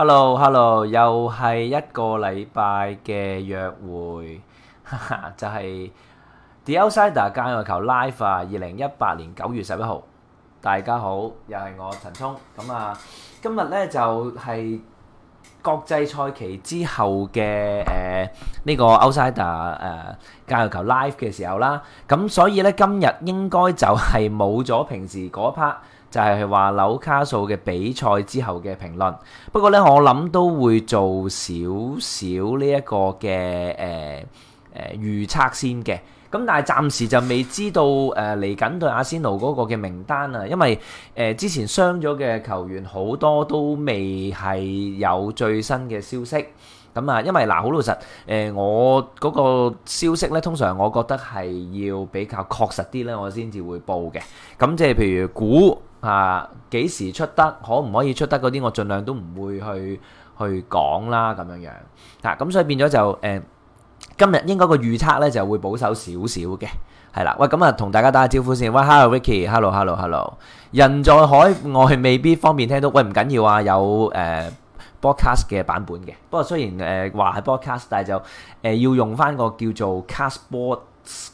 Hello，Hello，又係一個禮拜嘅約會，哈哈，就係 The Outsider 界外球 Live，二零一八年九月十一號。大家好，又係我陳沖。咁啊，今日咧就係國際賽期之後嘅誒呢個 Outsider 誒界外球 Live 嘅時候啦。咁所以咧今日應該就係冇咗平時嗰一 part。就係係話紐卡素嘅比賽之後嘅評論，不過呢，我諗都會做少少呢一點點個嘅誒誒預測先嘅，咁但係暫時就未知道誒嚟緊對阿仙奴嗰個嘅名單啊，因為誒、呃、之前傷咗嘅球員好多都未係有最新嘅消息。咁啊，因為嗱，好老實，誒，我嗰個消息咧，通常我覺得係要比較確實啲咧，我先至會報嘅。咁即係譬如估啊，幾時出得，可唔可以出得嗰啲，我盡量都唔會去去講啦，咁樣樣。嗱，咁所以變咗就誒，今日應該個預測咧就會保守少少嘅，係啦。喂，咁啊，同大家打下招呼先。喂，Hello，Vicky，Hello，Hello，Hello。人在海外未必方便聽到，喂，唔緊要啊，有誒。broadcast 嘅版本嘅，不過雖然誒話係 broadcast，但係就誒、呃、要用翻個叫做 cast box、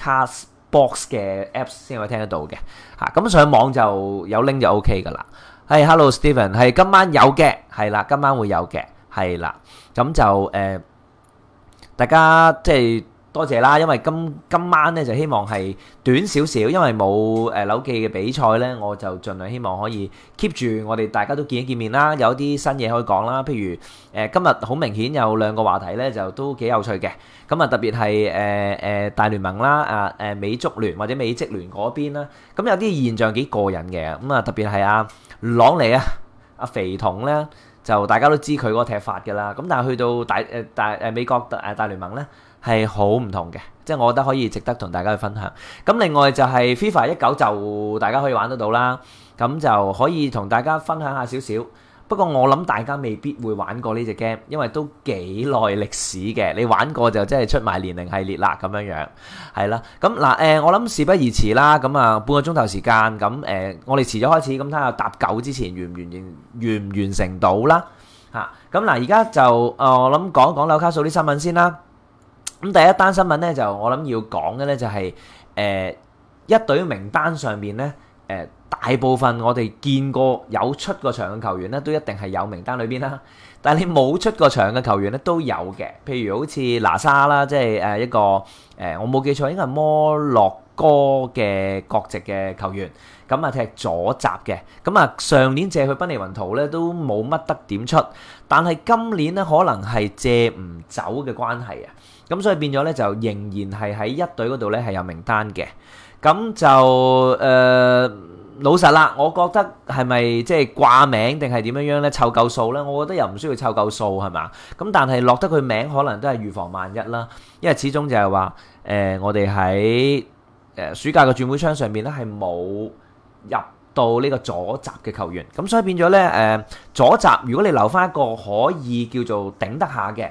cast box 嘅 apps 先可以聽得到嘅嚇。咁、啊、上網就有 link 就 OK 噶啦。係、hey，Hello Steven，係今晚有嘅，係啦，今晚會有嘅，係啦。咁就誒、呃，大家即係。多謝啦，因為今今晚咧就希望係短少少，因為冇誒紐記嘅比賽咧，我就盡量希望可以 keep 住我哋大家都見一見面啦，有啲新嘢可以講啦。譬如誒，今日好明顯有兩個話題咧，就都幾有趣嘅。咁啊，特別係誒誒大聯盟啦，啊誒美足聯或者美職聯嗰邊啦，咁有啲現象幾過癮嘅。咁啊，特別係阿朗尼啊，阿肥童咧，就大家都知佢個踢法㗎啦。咁但係去到大誒大誒美國誒大聯盟咧。係好唔同嘅，即、就、係、是、我覺得可以值得同大家去分享。咁另外就係 FIFA 一九就大家可以玩得到啦，咁就可以同大家分享下少少。不過我諗大家未必會玩過呢隻 game，因為都幾耐歷史嘅。你玩過就真係出埋年齡系列啦咁樣樣，係啦。咁嗱誒，我諗事不宜遲啦，咁啊半個鐘頭時,時間，咁誒、呃、我哋遲咗開始，咁睇下搭九之前完唔完完唔完,完成到啦嚇。咁、啊、嗱，而家就、呃、我諗講講紐卡素啲新聞先啦。咁第一單新聞咧，就我諗要講嘅咧，就係誒一隊名單上邊咧，誒大部分我哋見過有出過場嘅球員咧，都一定係有名單裏邊啦。但係你冇出過場嘅球員咧，都有嘅。譬如好似拿沙啦，即係誒一個誒，我冇記錯應該係摩洛哥嘅國籍嘅球員，咁啊踢咗閘嘅。咁啊上年借去賓尼雲圖咧，都冇乜得點出，但係今年咧可能係借唔走嘅關係啊。咁所以變咗咧，就仍然係喺一隊嗰度咧，係有名單嘅。咁就誒、呃、老實啦，我覺得係咪即係掛名定係點樣樣咧？湊夠數咧？我覺得又唔需要湊夠數係嘛？咁但係落得佢名，可能都係預防萬一啦。因為始終就係話誒，我哋喺誒暑假嘅轉會窗上邊咧，係冇入到呢個左閘嘅球員。咁所以變咗咧誒左閘，如果你留翻一個可以叫做頂得下嘅。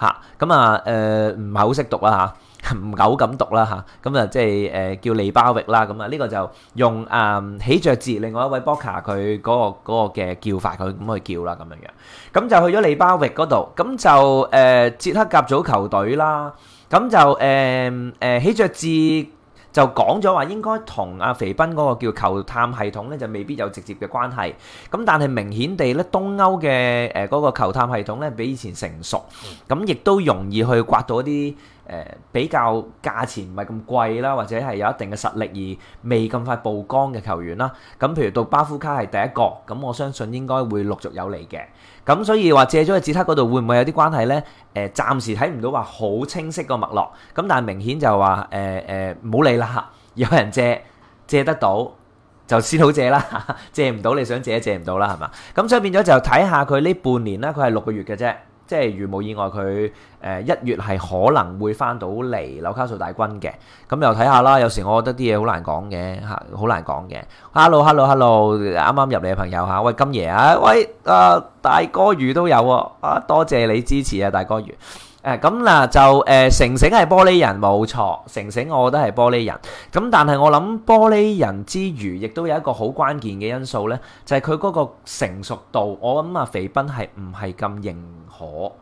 嚇，咁啊，誒唔係好識讀啦嚇，唔夠咁讀啦嚇，咁啊即係誒叫利巴域啦，咁啊呢、這個就用啊希爵治另外一位博卡佢嗰個嗰、那個嘅叫法佢咁去叫啦咁樣樣，咁、啊、就、嗯、去咗利巴域嗰度，咁就誒捷克甲組球隊啦，咁就誒誒希爵治。嗯嗯就講咗話應該同阿肥斌嗰個叫球探系統咧就未必有直接嘅關係，咁但係明顯地咧東歐嘅誒嗰個球探系統咧比以前成熟，咁亦都容易去刮到一啲誒、呃、比較價錢唔係咁貴啦，或者係有一定嘅實力而未咁快曝光嘅球員啦，咁譬如到巴夫卡係第一個，咁我相信應該會陸續有嚟嘅。咁、嗯、所以話借咗去紙鈔嗰度，會唔會有啲關係咧？誒、呃，暫時睇唔到話好清晰個脈絡，咁但係明顯就話誒誒，唔好理啦嚇。有人借借得到就先好借啦， 借唔到你想借借唔到啦，係嘛？咁、嗯、所以變咗就睇下佢呢半年啦，佢係六個月嘅啫。即係如無意外，佢誒一月係可能會翻到嚟紐卡素大軍嘅，咁又睇下啦。有時我覺得啲嘢好難講嘅嚇，好難講嘅。Hello，Hello，Hello，啱啱入嚟嘅朋友嚇，喂，金爺喂啊，喂啊，大哥魚都有啊，啊，多謝你支持啊大哥魚。誒咁嗱就誒成成係玻璃人冇錯，成成我覺得係玻璃人。咁但係我諗玻璃人之餘，亦都有一個好關鍵嘅因素咧，就係佢嗰個成熟度。我諗阿肥斌係唔係咁認可？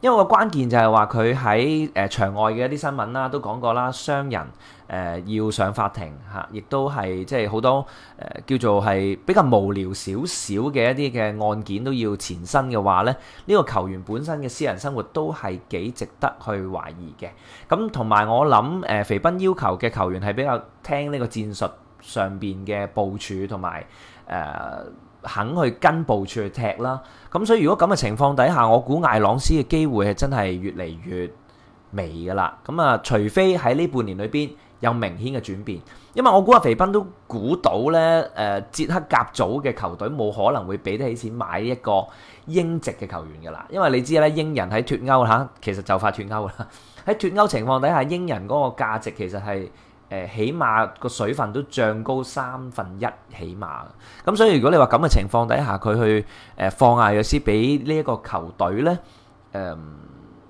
因為個關鍵就係話佢喺誒場外嘅一啲新聞啦，都講過啦，傷人誒、呃、要上法庭嚇，亦都係即係好多誒、呃、叫做係比較無聊少少嘅一啲嘅案件都要纏身嘅話咧，呢、這個球員本身嘅私人生活都係幾值得去懷疑嘅。咁同埋我諗誒、呃，肥斌要求嘅球員係比較聽呢個戰術上面嘅部署同埋誒。肯去跟部出去踢啦，咁所以如果咁嘅情況底下，我估艾朗斯嘅機會係真係越嚟越微噶啦。咁啊，除非喺呢半年裏邊有明顯嘅轉變，因為我估阿肥斌都估到呢誒、呃、捷克甲組嘅球隊冇可能會俾得起錢買一個英籍嘅球員噶啦，因為你知咧，英人喺脱歐下，其實就快脱歐啦。喺脱歐情況底下，英人嗰個價值其實係。誒起碼個水分都漲高三分一起碼，咁所以如果你話咁嘅情況底下，佢去誒放阿約斯俾呢一個球隊咧，誒、嗯，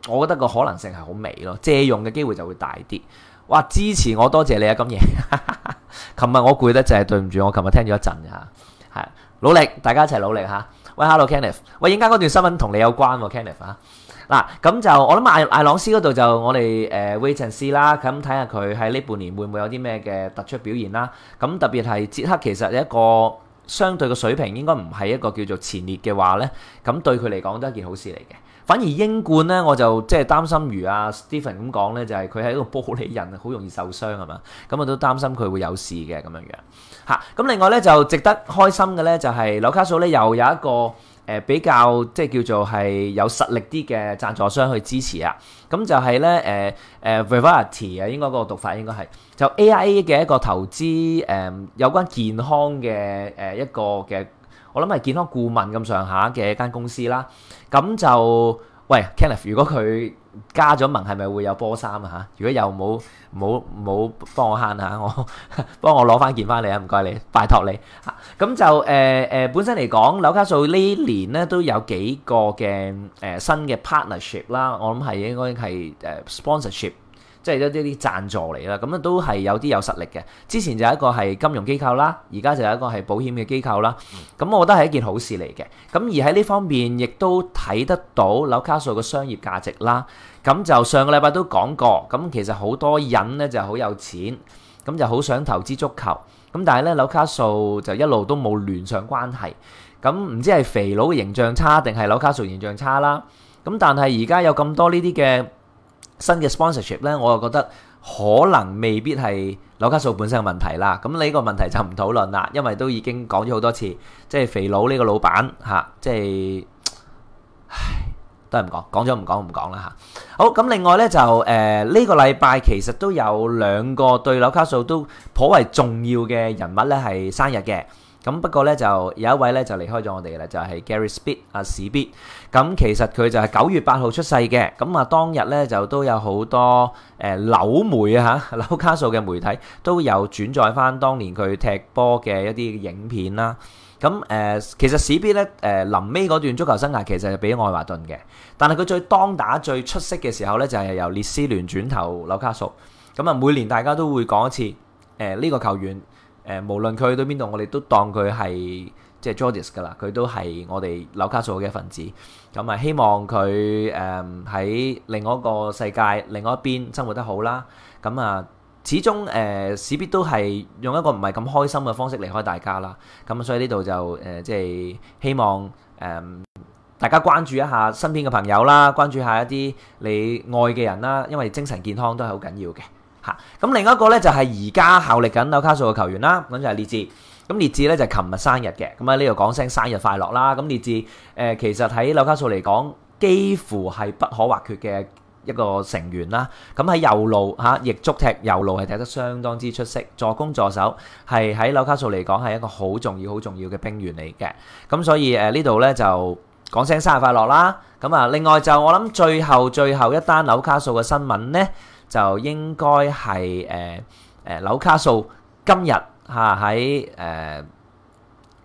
我覺得個可能性係好微咯，借用嘅機會就會大啲。哇！支持我，多謝你啊，金爺。琴 日我攰得就係對唔住，我琴日聽咗一陣嘅嚇，係努力，大家一齊努力嚇。喂，Hello Kenneth，喂，而家嗰段新聞同你有關，Kenneth 啊。Kenneth 嗱，咁、啊、就，就我諗艾艾朗斯嗰度就我哋誒威臣斯啦，咁睇下佢喺呢半年會唔會有啲咩嘅突出表現啦？咁、啊、特別係捷克，其實一個相對嘅水平應該唔係一個叫做前列嘅話咧，咁、啊嗯、對佢嚟講都係一件好事嚟嘅。反而英冠咧，我就即係擔心，如阿、啊、Stephen 咁講咧，就係佢係一個玻璃人，好容易受傷係嘛。咁我、嗯嗯、都擔心佢會有事嘅咁樣樣。吓、啊。咁、啊、另外咧就值得開心嘅咧就係、是、紐卡素咧又有一個。誒比較即係叫做係有實力啲嘅贊助商去支持啊，咁就係咧誒誒 Vitality 啊，呃呃、ity, 應該個讀法應該係就 AIA 嘅一個投資誒、呃、有關健康嘅誒、呃、一個嘅，我諗係健康顧問咁上下嘅一間公司啦。咁就喂，Kenneth，如果佢。加咗盟係咪會有波衫啊？嚇！如果又冇冇冇幫我慳下，我 幫我攞翻件翻嚟啊！唔該你，拜託你。咁就誒誒、呃呃，本身嚟講，紐卡素呢年咧都有幾個嘅誒、呃、新嘅 partnership 啦，我諗係應該係誒 sponsorship。呃 Sp 即係一啲啲贊助嚟啦，咁啊都係有啲有實力嘅。之前就有一個係金融機構啦，而家就有一個係保險嘅機構啦。咁、嗯、我覺得係一件好事嚟嘅。咁而喺呢方面，亦都睇得到紐卡素嘅商業價值啦。咁就上個禮拜都講過，咁其實好多人咧就好有錢，咁就好想投資足球。咁但係咧紐卡素就一路都冇聯上關係。咁唔知係肥佬嘅形象差定係紐卡素形象差啦。咁但係而家有咁多呢啲嘅。新嘅 sponsorship 咧，我又覺得可能未必係紐卡素本身嘅問題啦。咁呢個問題就唔討論啦，因為都已經講咗好多次。即係肥佬呢個老闆嚇，即係唉，都係唔講，講咗唔講唔講啦嚇。好，咁另外咧就誒呢個禮拜其實都有兩個對紐卡素都頗為重要嘅人物咧係生日嘅。咁不過咧就有一位咧就離開咗我哋嘅啦，就係、是、Gary Speed 啊史必。咁其實佢就係九月八號出世嘅，咁啊當日咧就都有好多誒紐、呃、媒啊、紐卡素嘅媒體都有轉載翻當年佢踢波嘅一啲影片啦。咁誒、呃、其實史必咧誒臨尾嗰段足球生涯其實係俾愛華頓嘅，但係佢最當打最出色嘅時候咧就係、是、由列斯聯轉投紐卡素。咁啊每年大家都會講一次誒呢、呃這個球員。誒，無論佢去到邊度，我哋都當佢係即係 Geordie 㗎啦，佢、就是、都係我哋紐卡素嘅一份子。咁、嗯、啊，希望佢誒喺另外一個世界、另外一邊生活得好啦。咁、嗯、啊，始終誒，史、嗯、必都係用一個唔係咁開心嘅方式離開大家啦。咁、嗯、所以呢度就誒，即、嗯、係、就是、希望誒、嗯、大家關注一下身邊嘅朋友啦，關注一下一啲你愛嘅人啦，因為精神健康都係好緊要嘅。嚇，咁另一個咧就係而家效力緊紐卡素嘅球員啦，咁就係、是、列治。咁列治咧就係琴日生日嘅，咁喺呢度講聲生日快樂啦。咁列治誒其實喺紐卡素嚟講，幾乎係不可或缺嘅一個成員啦。咁喺右路嚇，逆足踢右路係踢得相當之出色，助攻助手，係喺紐卡素嚟講係一個好重要、好重要嘅兵員嚟嘅。咁所以誒呢度咧就講聲生日快樂啦。咁啊，另外就我諗最後最後一單紐卡素嘅新聞咧。就應該係誒誒紐卡素今日嚇，喺誒誒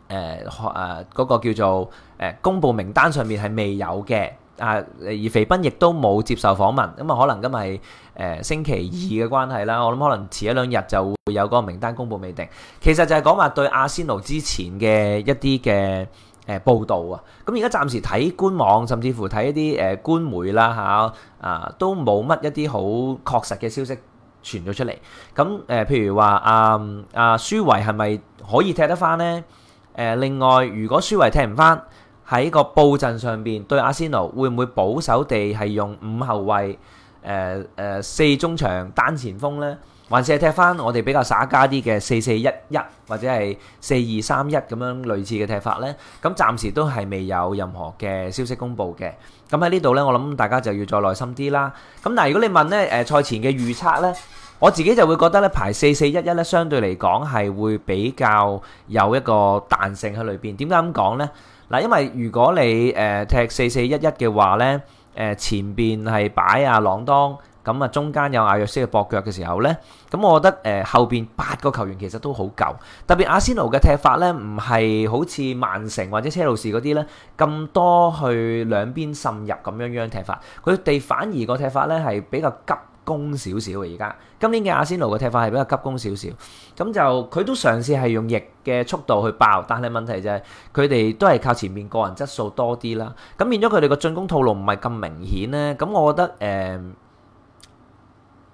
學誒嗰個叫做誒、呃、公佈名單上面係未有嘅啊，而肥斌亦都冇接受訪問，咁、嗯、啊可能今日誒、呃、星期二嘅關係啦，我諗可能遲一兩日就會有嗰個名單公佈未定。其實就係講話對阿仙奴之前嘅一啲嘅。誒報導啊！咁而家暫時睇官網，甚至乎睇一啲誒官媒啦嚇啊，都冇乜一啲好確實嘅消息傳咗出嚟。咁誒，譬、呃、如話啊啊，舒維係咪可以踢得翻呢？誒、呃，另外如果舒維踢唔翻，喺個布陣上邊對阿仙奴會唔會保守地係用五後衞誒誒四中場單前鋒呢？還是踢翻我哋比較耍家啲嘅四四一一或者係四二三一咁樣類似嘅踢法呢？咁暫時都係未有任何嘅消息公布嘅。咁喺呢度呢，我諗大家就要再耐心啲啦。咁嗱，如果你問咧，誒、呃、賽前嘅預測呢，我自己就會覺得呢排四四一一呢，相對嚟講係會比較有一個彈性喺裏邊。點解咁講呢？嗱，因為如果你誒、呃、踢四四一一嘅話呢，誒、呃、前邊係擺阿朗當。咁啊，中間有阿約斯嘅搏腳嘅時候咧，咁我覺得誒後邊八個球員其實都好夠，特別阿仙奴嘅踢法咧，唔係好似曼城或者車路士嗰啲咧咁多去兩邊滲入咁樣樣踢法，佢哋反而個踢法咧係比較急攻少少嘅。而家今年嘅阿仙奴嘅踢法係比較急攻少少，咁就佢都嘗試係用翼嘅速度去爆，但係問題就係佢哋都係靠前面個人質素多啲啦，咁變咗佢哋個進攻套路唔係咁明顯咧。咁我覺得誒。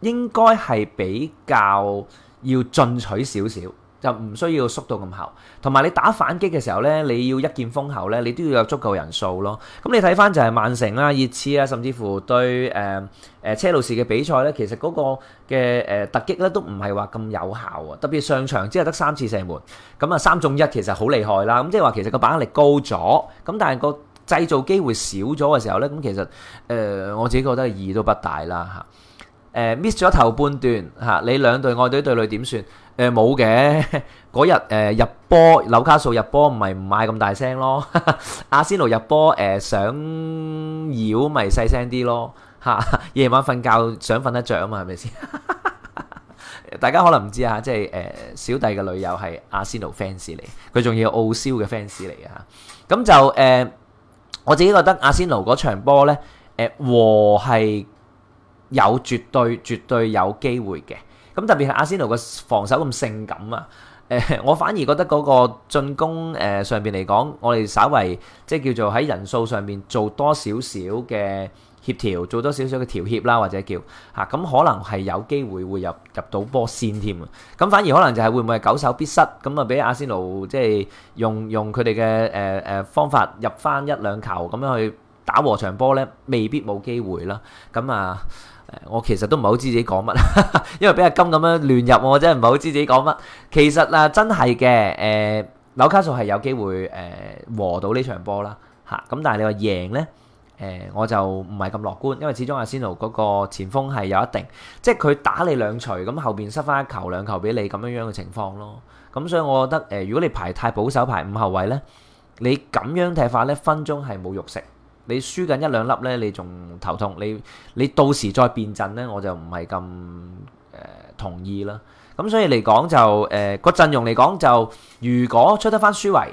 應該係比較要進取少少，就唔需要縮到咁後。同埋你打反擊嘅時候呢，你要一劍封喉呢，你都要有足夠人數咯。咁、嗯、你睇翻就係曼城啦、熱刺啊，甚至乎對誒誒、呃、車路士嘅比賽呢，其實嗰個嘅誒、呃、突擊呢都唔係話咁有效啊。特別上場之後得三次射門，咁啊三中一其實好厲害啦。咁、嗯、即係話其實個把握力高咗，咁但係個製造機會少咗嘅時候呢，咁其實誒、呃、我自己覺得意義都不大啦嚇。miss 咗、呃、頭半段吓、啊，你兩對愛隊對壘點算？誒、嗯，冇嘅，嗰日誒入波紐卡素入波，唔係唔買咁大聲咯。阿仙奴入波誒、呃、想妖咪細聲啲咯吓，夜、啊、晚瞓覺想瞓得着啊嘛，係咪先？大家可能唔知啊，即係誒小弟嘅女友係阿仙奴 fans 嚟，佢仲要澳超嘅 fans 嚟嘅吓。咁、啊嗯、就誒、啊，我自己覺得阿仙奴嗰場波呢，誒、啊、和係。有絕對絕對有機會嘅，咁特別係阿仙奴嘅防守咁性感啊！誒，我反而覺得嗰個進攻誒上邊，嚟講，我哋稍為即係叫做喺人數上邊做多少少嘅協調，做多少少嘅調協啦，或者叫嚇咁可能係有機會會入入到波先添，咁反而可能就係會唔會係久守必失咁啊？俾阿仙奴即係用用佢哋嘅誒誒方法入翻一兩球咁樣去打和場波咧，未必冇機會啦！咁啊～我其實都唔係好知自己講乜，因為俾阿金咁樣亂入我真係唔係好知自己講乜。其實，呃呃、啊，真係嘅，誒紐卡素係有機會誒和到呢場波啦吓。咁但係你話贏呢，誒，呃、我就唔係咁樂觀，因為始終阿仙奴嗰個前鋒係有一定，即係佢打你兩錘，咁後邊塞翻一球兩球俾你咁樣樣嘅情況咯。咁，啊、所以我覺得誒，呃，如果你排太保守排五後位呢，你咁樣踢法呢，分鐘係冇肉食。你輸緊一兩粒咧，你仲頭痛。你你到時再變陣咧，我就唔係咁誒同意啦。咁所以嚟講就誒個陣容嚟講就，如果出得翻輸圍。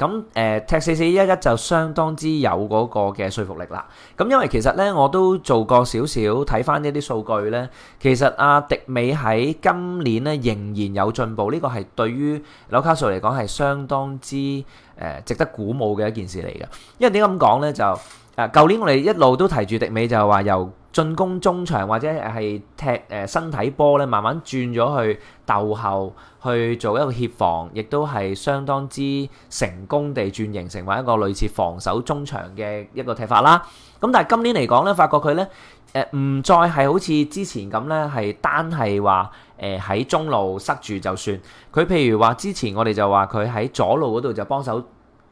咁誒、嗯、踢四四一一就相當之有嗰個嘅說服力啦。咁、嗯、因為其實咧我都做過少少睇翻呢啲數據咧，其實阿、啊、迪美喺今年咧仍然有進步，呢、這個係對於紐卡素嚟講係相當之誒、呃、值得鼓舞嘅一件事嚟嘅。因為點解咁講咧就？誒，舊年我哋一路都提住迪美，就係話由進攻中場或者係踢誒身體波咧，慢慢轉咗去鬥後鬥去做一個協防，亦都係相當之成功地轉型，成為一個類似防守中場嘅一個踢法啦。咁但係今年嚟講咧，發覺佢咧誒唔再係好似之前咁咧，係單係話誒喺中路塞住就算。佢譬如話之前我哋就話佢喺左路嗰度就幫手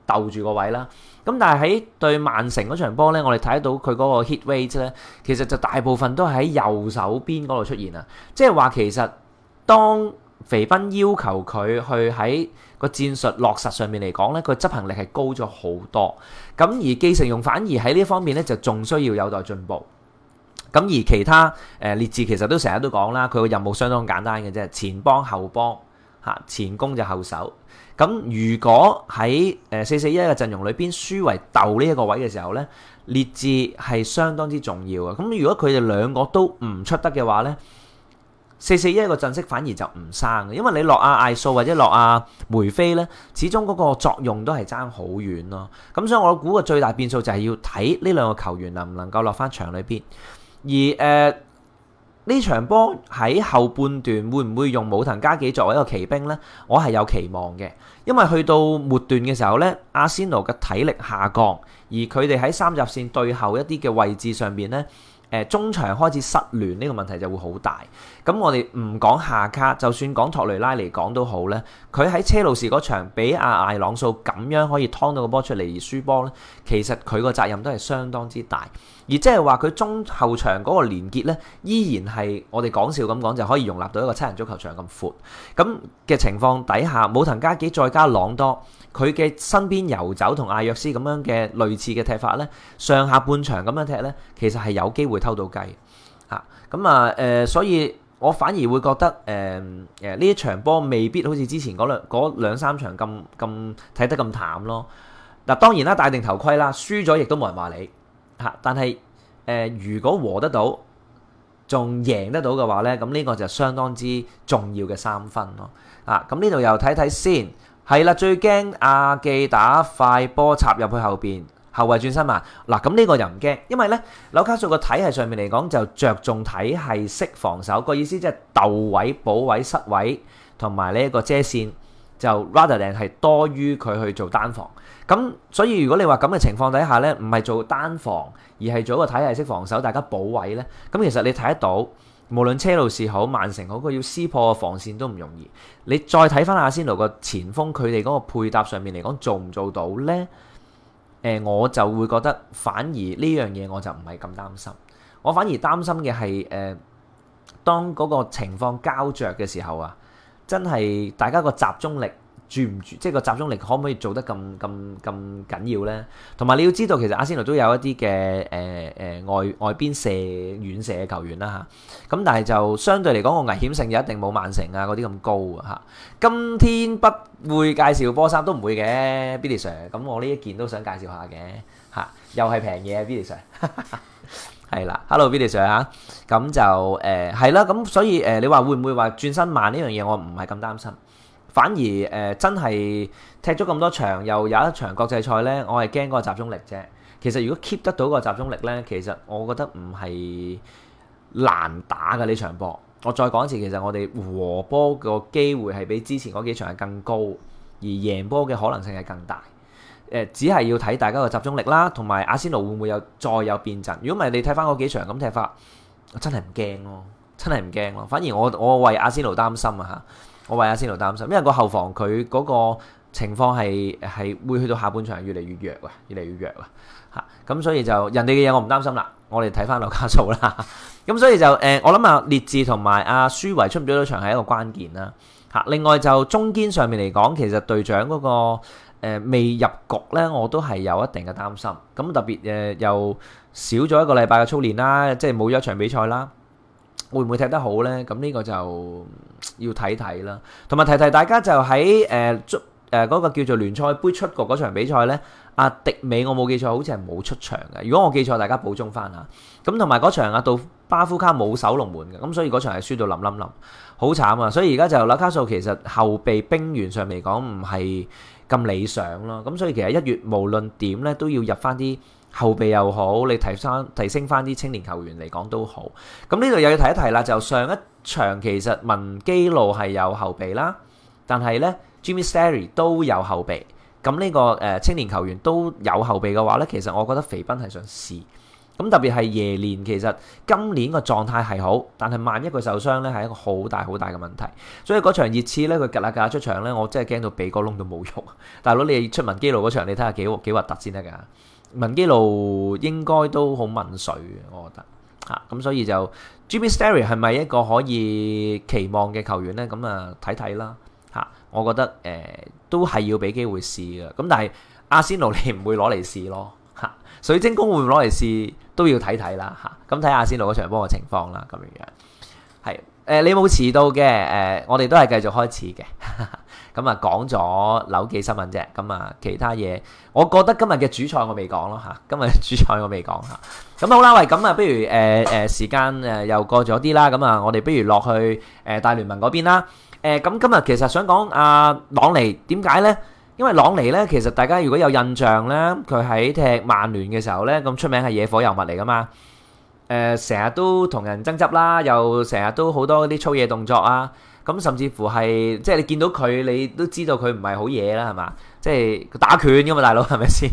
鬥住個位啦。咁但係喺對曼城嗰場波咧，我哋睇到佢嗰個 hit rate 咧，其實就大部分都喺右手邊嗰度出現啊！即係話其實當肥斌要求佢去喺個戰術落實上面嚟講咧，佢執行力係高咗好多。咁而奇誠庸反而喺呢方面咧就仲需要有待進步。咁而其他誒列治其實都成日都講啦，佢個任務相當簡單嘅啫，前幫後幫嚇，前攻就後守。咁如果喺誒四四一嘅陣容裏邊輸為鬥呢一個位嘅時候呢，列治係相當之重要啊！咁如果佢哋兩個都唔出得嘅話呢，四四一個陣式反而就唔生嘅，因為你落阿艾素或者落阿梅飛呢，始終嗰個作用都係爭好遠咯。咁所以我估個最大變數就係要睇呢兩個球員能唔能夠落翻場裏邊，而誒。呃呢場波喺後半段會唔會用武藤嘉紀作為一個奇兵呢？我係有期望嘅，因為去到末段嘅時候呢，阿仙奴嘅體力下降，而佢哋喺三入線對後一啲嘅位置上邊呢，誒中場開始失聯，呢、這個問題就會好大。咁我哋唔講下卡，就算講托雷拉嚟講都好呢，佢喺車路士嗰場俾阿艾朗素咁樣可以拖到個波出嚟而輸波呢，其實佢個責任都係相當之大。而即係話佢中後場嗰個連結咧，依然係我哋講笑咁講，就可以容納到一個七人足球場咁闊咁嘅情況底下，武藤嘉紀再加朗多，佢嘅身邊遊走同阿約斯咁樣嘅類似嘅踢法呢，上下半場咁樣踢呢，其實係有機會偷到雞嚇咁啊誒、呃，所以我反而會覺得誒誒呢一場波未必好似之前嗰兩,兩三場咁咁睇得咁淡咯。嗱、啊、當然啦，戴定頭盔啦，輸咗亦都冇人話你。嚇！但係誒、呃，如果和得到，仲贏得到嘅話咧，咁呢個就相當之重要嘅三分咯、啊。啊，咁呢度又睇睇先，係啦、啊，最驚阿記打快波插入去後邊，後衞轉身慢、啊。嗱、啊，咁呢個又唔驚，因為咧紐卡素個體系上面嚟講就着重體系式防守，個意思即係鬥位、補位、失位同埋呢個遮線，就 rather than 係多於佢去做單防。咁所以如果你話，咁嘅情況底下咧，唔係做單防，而係做一個體系式防守，大家補位咧，咁其實你睇得到，無論車路士好，曼城好，佢要撕破個防線都唔容易。你再睇翻阿仙奴個前鋒，佢哋嗰個配搭上面嚟講，做唔做到咧？誒、呃，我就會覺得反而呢樣嘢我就唔係咁擔心。我反而擔心嘅係誒當嗰個情況膠着嘅時候啊，真係大家個集中力。住唔住？即係個集中力可唔可以做得咁咁咁緊要咧？同埋你要知道，其實阿仙奴都有一啲嘅誒誒外外邊射遠射嘅球員啦嚇。咁、啊、但係就相對嚟講，個危險性又一定冇曼城啊嗰啲咁高嘅嚇、啊。今天不會介紹波衫都唔會嘅，Billy Sir。咁我呢一件都想介紹下嘅嚇、啊，又係平嘢，Billy Sir 哈哈。係啦，Hello Billy Sir 嚇、啊。咁就誒係啦。咁、呃、所以誒、呃，你話會唔會話轉身慢呢樣嘢？我唔係咁擔心。反而誒、呃、真係踢咗咁多場，又有一場國際賽呢，我係驚嗰個集中力啫。其實如果 keep 得到個集中力呢，其實我覺得唔係難打噶呢場波。我再講一次，其實我哋和波個機會係比之前嗰幾場係更高，而贏波嘅可能性係更大。呃、只係要睇大家個集中力啦，同埋阿仙奴會唔會有再有變陣？如果唔係你睇翻嗰幾場咁踢法，我真係唔驚咯，真係唔驚咯。反而我我為阿仙奴擔心啊嚇！我為阿仙奴擔心，因為個後防佢嗰個情況係係會去到下半場越嚟越弱啊，越嚟越弱啊嚇！咁所以就人哋嘅嘢我唔擔心啦，我哋睇翻紐卡素啦。咁所以就誒，我諗啊列治同埋阿舒維出唔出到場係一個關鍵啦嚇。另外就中堅上面嚟講，其實隊長嗰個誒未入局咧，我都係有一定嘅擔心。咁特別誒又少咗一個禮拜嘅操練啦，即係冇咗一場比賽啦，會唔會踢得好咧？咁呢個就～要睇睇啦，同埋提提大家就喺誒出誒嗰個叫做聯賽杯出局嗰場比賽咧，阿、啊、迪美我冇記錯，好似係冇出場嘅。如果我記錯，大家補充翻嚇。咁同埋嗰場阿杜、啊、巴夫卡冇守龍門嘅，咁所以嗰場係輸到冧冧冧，好慘啊！所以而家就紐卡素其實後備兵員上嚟講唔係咁理想咯。咁所以其實一月無論點咧，都要入翻啲。後備又好，你提升提升翻啲青年球員嚟講都好。咁呢度又要提一提啦，就上一場其實文基路係有後備啦，但係呢 Jamie Sterry 都有後備。咁呢個誒青年球員都有後備嘅話呢，其實我覺得肥斌係想試。咁特別係夜連，其實今年個狀態係好，但係萬一佢受傷呢係一個好大好大嘅問題。所以嗰場熱刺呢，佢格拉格出場呢，我真係驚到鼻哥窿都冇肉。大佬你出文基路嗰場，你睇下幾幾核突先得㗎。文基路應該都好文水嘅，我覺得嚇，咁、啊、所以就 Jimmy Sterry 係咪一個可以期望嘅球員咧？咁、嗯、啊睇睇啦嚇，我覺得誒、呃、都係要俾機會試嘅。咁但係阿仙奴你唔會攞嚟試咯嚇、啊，水晶宮會唔會攞嚟試都要睇睇啦嚇。咁、啊、睇阿仙奴嗰場波嘅情況啦咁樣樣。係誒、呃，你冇遲到嘅誒、呃，我哋都係繼續開始嘅。 咁啊，講咗紐記新聞啫，咁啊，其他嘢，我覺得今日嘅主菜我未講咯嚇，今日主菜我未講嚇。咁好啦，喂，咁啊，不如誒誒時間誒又過咗啲啦，咁啊，我哋不如落去誒大聯盟嗰邊啦。誒，咁今日其實想講阿朗尼點解呢？因為朗尼呢，其實大家如果有印象呢，佢喺踢曼聯嘅時候呢，咁出名係野火尤物嚟㗎嘛。誒，成日都同人爭執啦，又成日都好多嗰啲粗野動作啊。咁甚至乎係，即係你見到佢，你都知道佢唔係好嘢啦，係嘛？即係打拳噶嘛，大佬係咪先？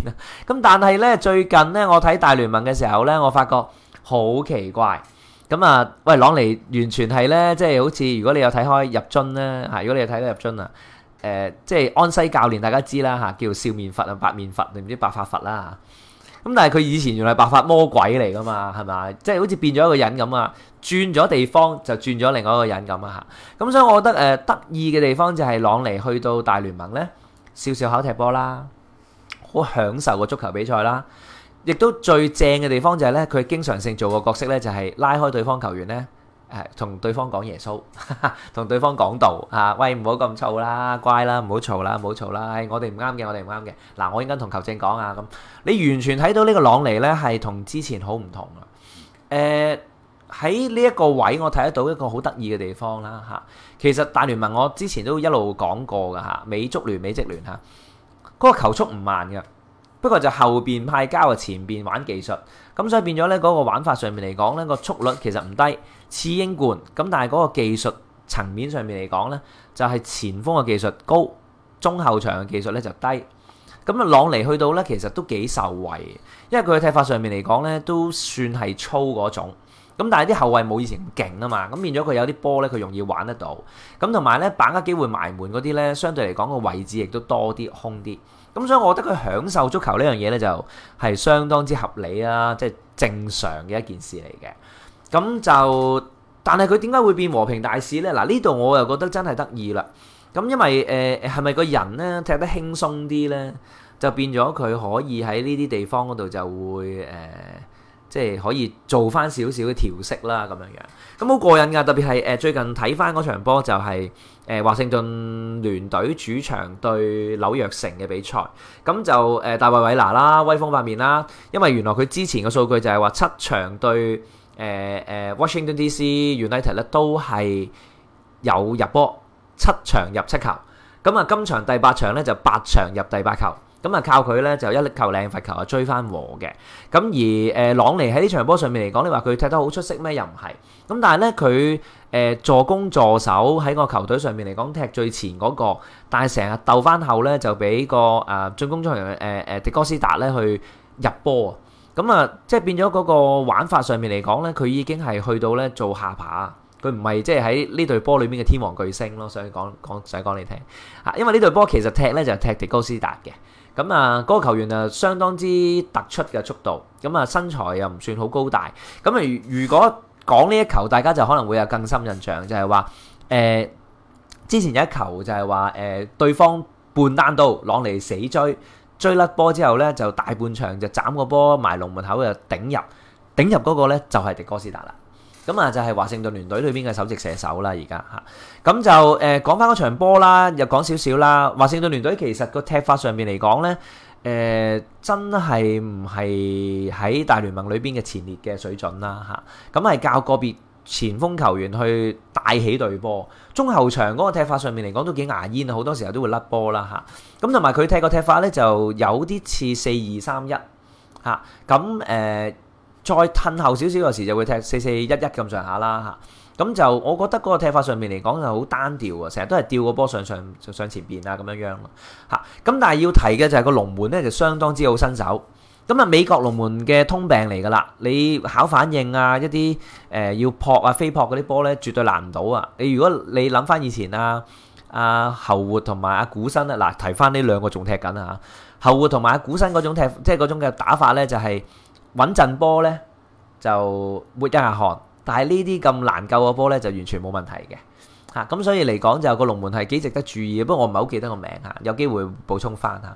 咁 但係呢，最近呢，我睇大聯盟嘅時候呢，我發覺好奇怪。咁啊，喂，朗尼完全係呢，即係好似如果你有睇開入樽呢，嚇，如果你有睇到入樽啊，誒、啊，即係安西教練大家知啦嚇、啊，叫笑面佛啊，白面佛定唔知白髮佛啦。咁但係佢以前原來白髮魔鬼嚟噶嘛，係咪？即係好似變咗一個人咁啊，轉咗地方就轉咗另外一個人咁啊吓。咁、嗯、所以我覺得誒、呃、得意嘅地方就係朗尼去到大聯盟呢，笑笑口踢波啦，好享受個足球比賽啦，亦都最正嘅地方就係呢，佢經常性做個角色呢，就係、是、拉開對方球員呢。誒，同對方講耶穌，同對方講道啊！喂，唔好咁嘈啦，乖啦，唔好嘈啦，唔好嘈啦。我哋唔啱嘅，我哋唔啱嘅嗱。我應該同球證講啊。咁你完全睇到呢個朗尼咧，係同之前好唔同嘅。誒，喺呢一個位，我睇得到一個好得意嘅地方啦。吓，其實大聯盟我之前都一路講過噶吓，美足聯、美職聯吓，嗰個球速唔慢嘅，不過就後邊派交啊，前邊玩技術咁，所以變咗咧嗰個玩法上面嚟講咧個速率其實唔低。次英冠咁，但係嗰個技術層面上面嚟講呢，就係前鋒嘅技術高，中後場嘅技術呢就低。咁啊，朗尼去到呢，其實都幾受惠，因為佢嘅踢法上面嚟講呢，都算係粗嗰種。咁但係啲後衞冇以前咁勁啊嘛，咁變咗佢有啲波呢，佢容易玩得到。咁同埋呢，把握機會埋門嗰啲呢，相對嚟講個位置亦都多啲空啲。咁所以，我覺得佢享受足球呢樣嘢呢，就係相當之合理啊，即係正常嘅一件事嚟嘅。咁就，但係佢點解會變和平大使呢？嗱、啊，呢度我又覺得真係得意啦。咁因為誒係咪個人呢踢得輕鬆啲呢，就變咗佢可以喺呢啲地方嗰度就會誒，即、呃、係、就是、可以做翻少少嘅調適啦，咁樣樣咁好過癮㗎。特別係誒、呃、最近睇翻嗰場波就係、是、誒、呃、華盛頓聯隊主場對紐約城嘅比賽，咁就誒、呃、大衛韋拿啦，威風八面啦。因為原來佢之前嘅數據就係話七場對。誒誒、呃、Washington D C United 咧都係有入波，七場入七球，咁啊今場第八場咧就八場入第八球，咁啊靠佢咧就一粒球靚罰球啊追翻和嘅，咁而誒朗尼喺呢場波上面嚟講，你話佢踢得好出色咩？又唔係，咁但係咧佢誒助攻助手喺個球隊上面嚟講踢最前嗰、那個，但係成日鬥翻後咧就俾個誒進攻中鋒誒誒迪哥斯達咧去入波啊！咁啊，即係變咗嗰個玩法上面嚟講咧，佢已經係去到咧做下巴。佢唔係即係喺呢隊波裏面嘅天王巨星咯，所以講講想講你聽吓，因為呢隊波其實踢咧就係、是、踢迪高斯達嘅，咁啊嗰個球員啊相當之突出嘅速度，咁、那、啊、個、身材又唔算好高大，咁如如果講呢一球，大家就可能會有更深印象，就係話誒之前有一球就係話誒對方半單刀攞嚟死追。追甩波之後咧，就大半場就斬個波埋龍門口就頂入，頂入嗰個咧就係迪哥斯達啦。咁啊就係華盛頓聯隊裏邊嘅首席射手啦，而家嚇。咁就誒講翻嗰場波啦，又講少少啦。華盛頓聯隊其實個踢法上面嚟講咧，誒、嗯、真係唔係喺大聯盟裏邊嘅前列嘅水準啦嚇。咁、嗯、係教個別。前鋒球員去帶起隊波，中後場嗰個踢法上面嚟講都幾牙煙啊！好多時候都會甩波啦嚇，咁同埋佢踢個踢法咧就有啲似四二三一嚇，咁誒再褪後少少有時就會踢四四一一咁上下啦嚇，咁、啊、就我覺得嗰個踢法上面嚟講就好單調啊，成日都係吊個波上上上前邊啊咁樣樣咯嚇，咁但係要提嘅就係個龍門咧就相當之好伸手。咁啊，美國龍門嘅通病嚟噶啦，你考反應啊，一啲誒、呃、要撲啊飛撲嗰啲波咧，絕對難唔到啊！你如果你諗翻以前啊，阿侯活同埋阿古新啊，嗱提翻呢兩個仲踢緊啊，侯活同埋阿古新嗰、啊啊啊、種踢，即係嗰種嘅打法咧，就係、是、穩陣波咧，就抹一下汗。但係呢啲咁難救嘅波咧，就完全冇問題嘅嚇。咁、啊、所以嚟講就個龍門係幾值得注意嘅，不過我唔係好記得個名嚇，有機會補充翻嚇。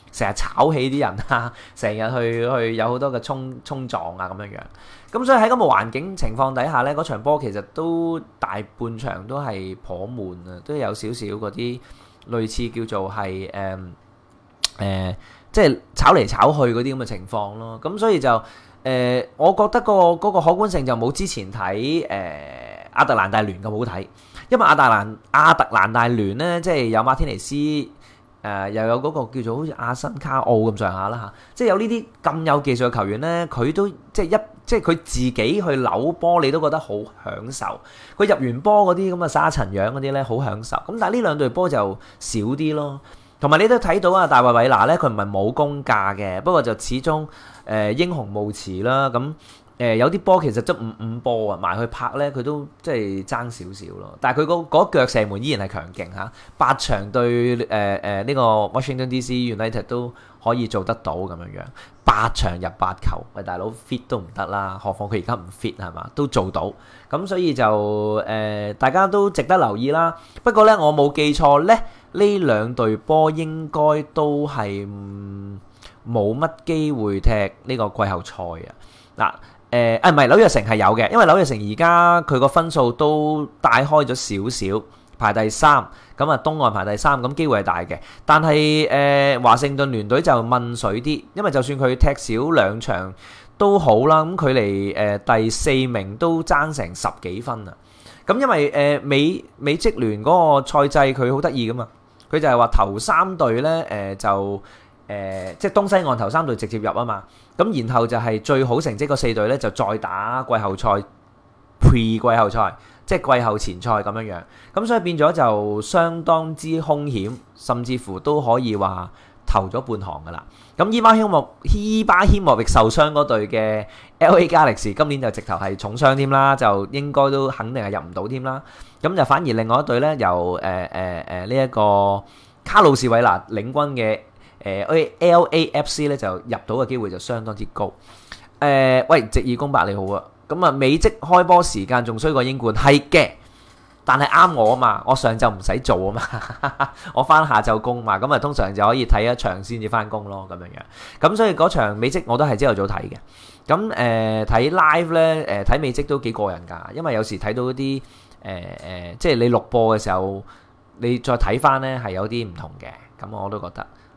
成日炒起啲人啊，成日去去有好多嘅衝衝撞啊咁樣樣，咁所以喺咁嘅環境情況底下呢，嗰場波其實都大半場都係頗悶啊，都有少少嗰啲類似叫做係誒誒，即係炒嚟炒去嗰啲咁嘅情況咯。咁所以就誒、呃，我覺得嗰個、嗰個嗰個可觀性就冇之前睇誒、呃、亞特蘭大聯咁好睇，因為亞特蘭亞特蘭大聯呢，即係有馬天尼斯。誒、呃、又有嗰個叫做好似阿森卡奧咁上下啦嚇，即係有呢啲咁有技術嘅球員呢，佢都即係一即係佢自己去扭波，你都覺得好享受。佢入完波嗰啲咁嘅沙塵樣嗰啲呢，好享受。咁但係呢兩隊波就少啲咯。同埋你都睇到啊，大衛維拿呢，佢唔係冇功架嘅，不過就始終誒、呃、英雄遲暮啦咁。嗯誒、呃、有啲波其實執五五波啊，埋去拍咧佢都即係爭少少咯。但係佢、嗰個嗰腳射門依然係強勁嚇、啊，八場對誒誒呢個 Washington DC United 都可以做得到咁樣樣，八場入八球。喂大佬 fit 都唔得啦，何況佢而家唔 fit 係嘛，都做到。咁所以就誒、呃、大家都值得留意啦。不過咧我冇記錯咧，呢兩隊波應該都係冇乜機會踢呢個季後賽啊。嗱。誒，啊唔係紐約城係有嘅，因為紐約城而家佢個分數都大開咗少少，排第三，咁啊東岸排第三，咁機會係大嘅。但係誒華盛頓聯隊就問水啲，因為就算佢踢少兩場都好啦，咁距離誒第四名都爭成十幾分啊。咁因為誒美美職聯嗰個賽制佢好得意㗎嘛，佢就係話頭三隊呢誒就。誒，即係東西岸頭三隊直接入啊嘛，咁然後就係最好成績嗰四隊咧就再打季後賽，Pre 季後賽，即係季後前賽咁樣樣，咁所以變咗就相當之兇險，甚至乎都可以話投咗半行噶啦。咁伊巴希莫伊巴希莫亦受傷嗰隊嘅 L.A. Galaxy 今年就直頭係重傷添啦，就應該都肯定係入唔到添啦。咁就反而另外一隊咧由誒誒誒呢一個卡洛士韋納領軍嘅。誒、uh，LAFC 咧就入到嘅機會就相當之高。誒、uh，喂，直二公百你好啊，咁啊，美職開波時間仲衰過英冠，係嘅，但係啱我啊嘛，我上晝唔使做啊嘛， 我翻下晝工嘛，咁啊通常就可以睇一場先至翻工咯，咁樣樣。咁所以嗰場美職我都係朝頭早睇嘅。咁誒睇 live 咧，誒、呃、睇、呃、美職都幾過癮㗎，因為有時睇到啲誒誒，即係你錄播嘅時候，你再睇翻咧係有啲唔同嘅，咁我都覺得。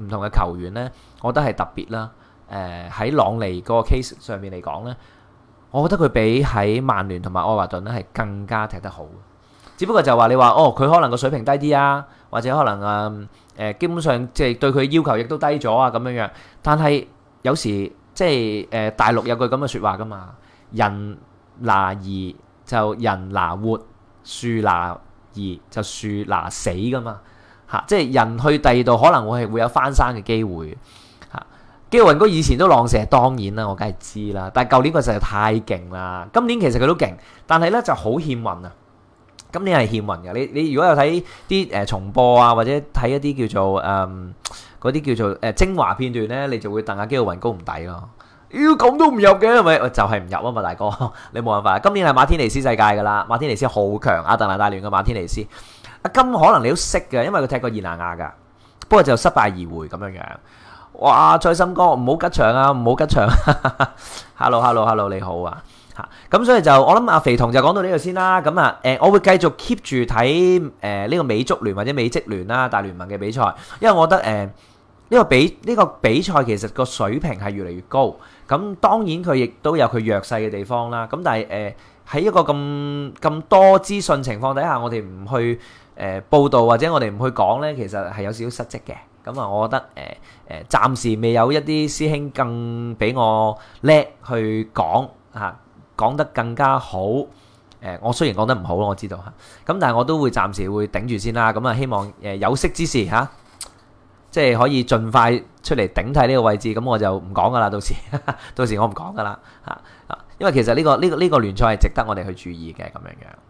唔同嘅球員咧，我覺得係特別啦。誒喺朗尼個 case 上面嚟講咧，我覺得佢、呃、比喺曼聯同埋愛華頓咧係更加踢得好。只不過就話你話哦，佢可能個水平低啲啊，或者可能啊誒、呃，基本上即係對佢要求亦都低咗啊咁樣樣。但係有時即係誒大陸有句咁嘅説話噶嘛，人拿二就人拿活，樹拿二就樹拿死噶嘛。嚇，即係人去第二度可能會係會有翻身嘅機會。基奧雲高以前都浪射，當然啦，我梗係知啦。但係舊年佢實在太勁啦，今年其實佢都勁，但係咧就好欠運啊。今年係欠運嘅。你你如果有睇啲誒重播啊，或者睇一啲叫做誒嗰啲叫做誒精華片段咧，你就會戥下基奧雲高唔抵咯。妖咁、哎、都唔入嘅咪、哎，就係、是、唔入啊嘛大哥， 你冇辦法。今年係馬天尼斯世界噶啦，馬天尼斯好強，阿特蘭大聯嘅馬天尼斯。阿金可能你都識嘅，因為佢踢過印尼亞㗎，不過就失敗而回咁樣樣。哇！蔡心哥唔好吉唱啊，唔好吉唱。Hello，hello，hello，你好啊嚇。咁所以就我諗阿肥童就講到呢度先啦。咁啊誒，我會繼續 keep 住睇誒呢個美足聯或者美職聯啦，大聯盟嘅比賽，因為我覺得誒呢個比呢個比賽其實個水平係越嚟越高。咁當然佢亦都有佢弱勢嘅地方啦。咁但係誒喺一個咁咁多資訊情況底下，我哋唔去，誒、呃、報道或者我哋唔去講呢，其實係有少少失職嘅。咁、嗯、啊，我覺得誒誒、呃，暫時未有一啲師兄更比我叻去講嚇、啊，講得更加好。誒、呃，我雖然講得唔好咯，我知道嚇。咁、啊、但係我都會暫時會頂住先啦。咁、嗯、啊，希望誒有識之士嚇、啊，即係可以盡快出嚟頂替呢個位置。咁我就唔講㗎喇，到時到時，到時我唔講㗎喇嚇。因為其實呢、呢個呢、呢個呢、呢個呢個聯賽係值得我哋去注意嘅咁樣樣。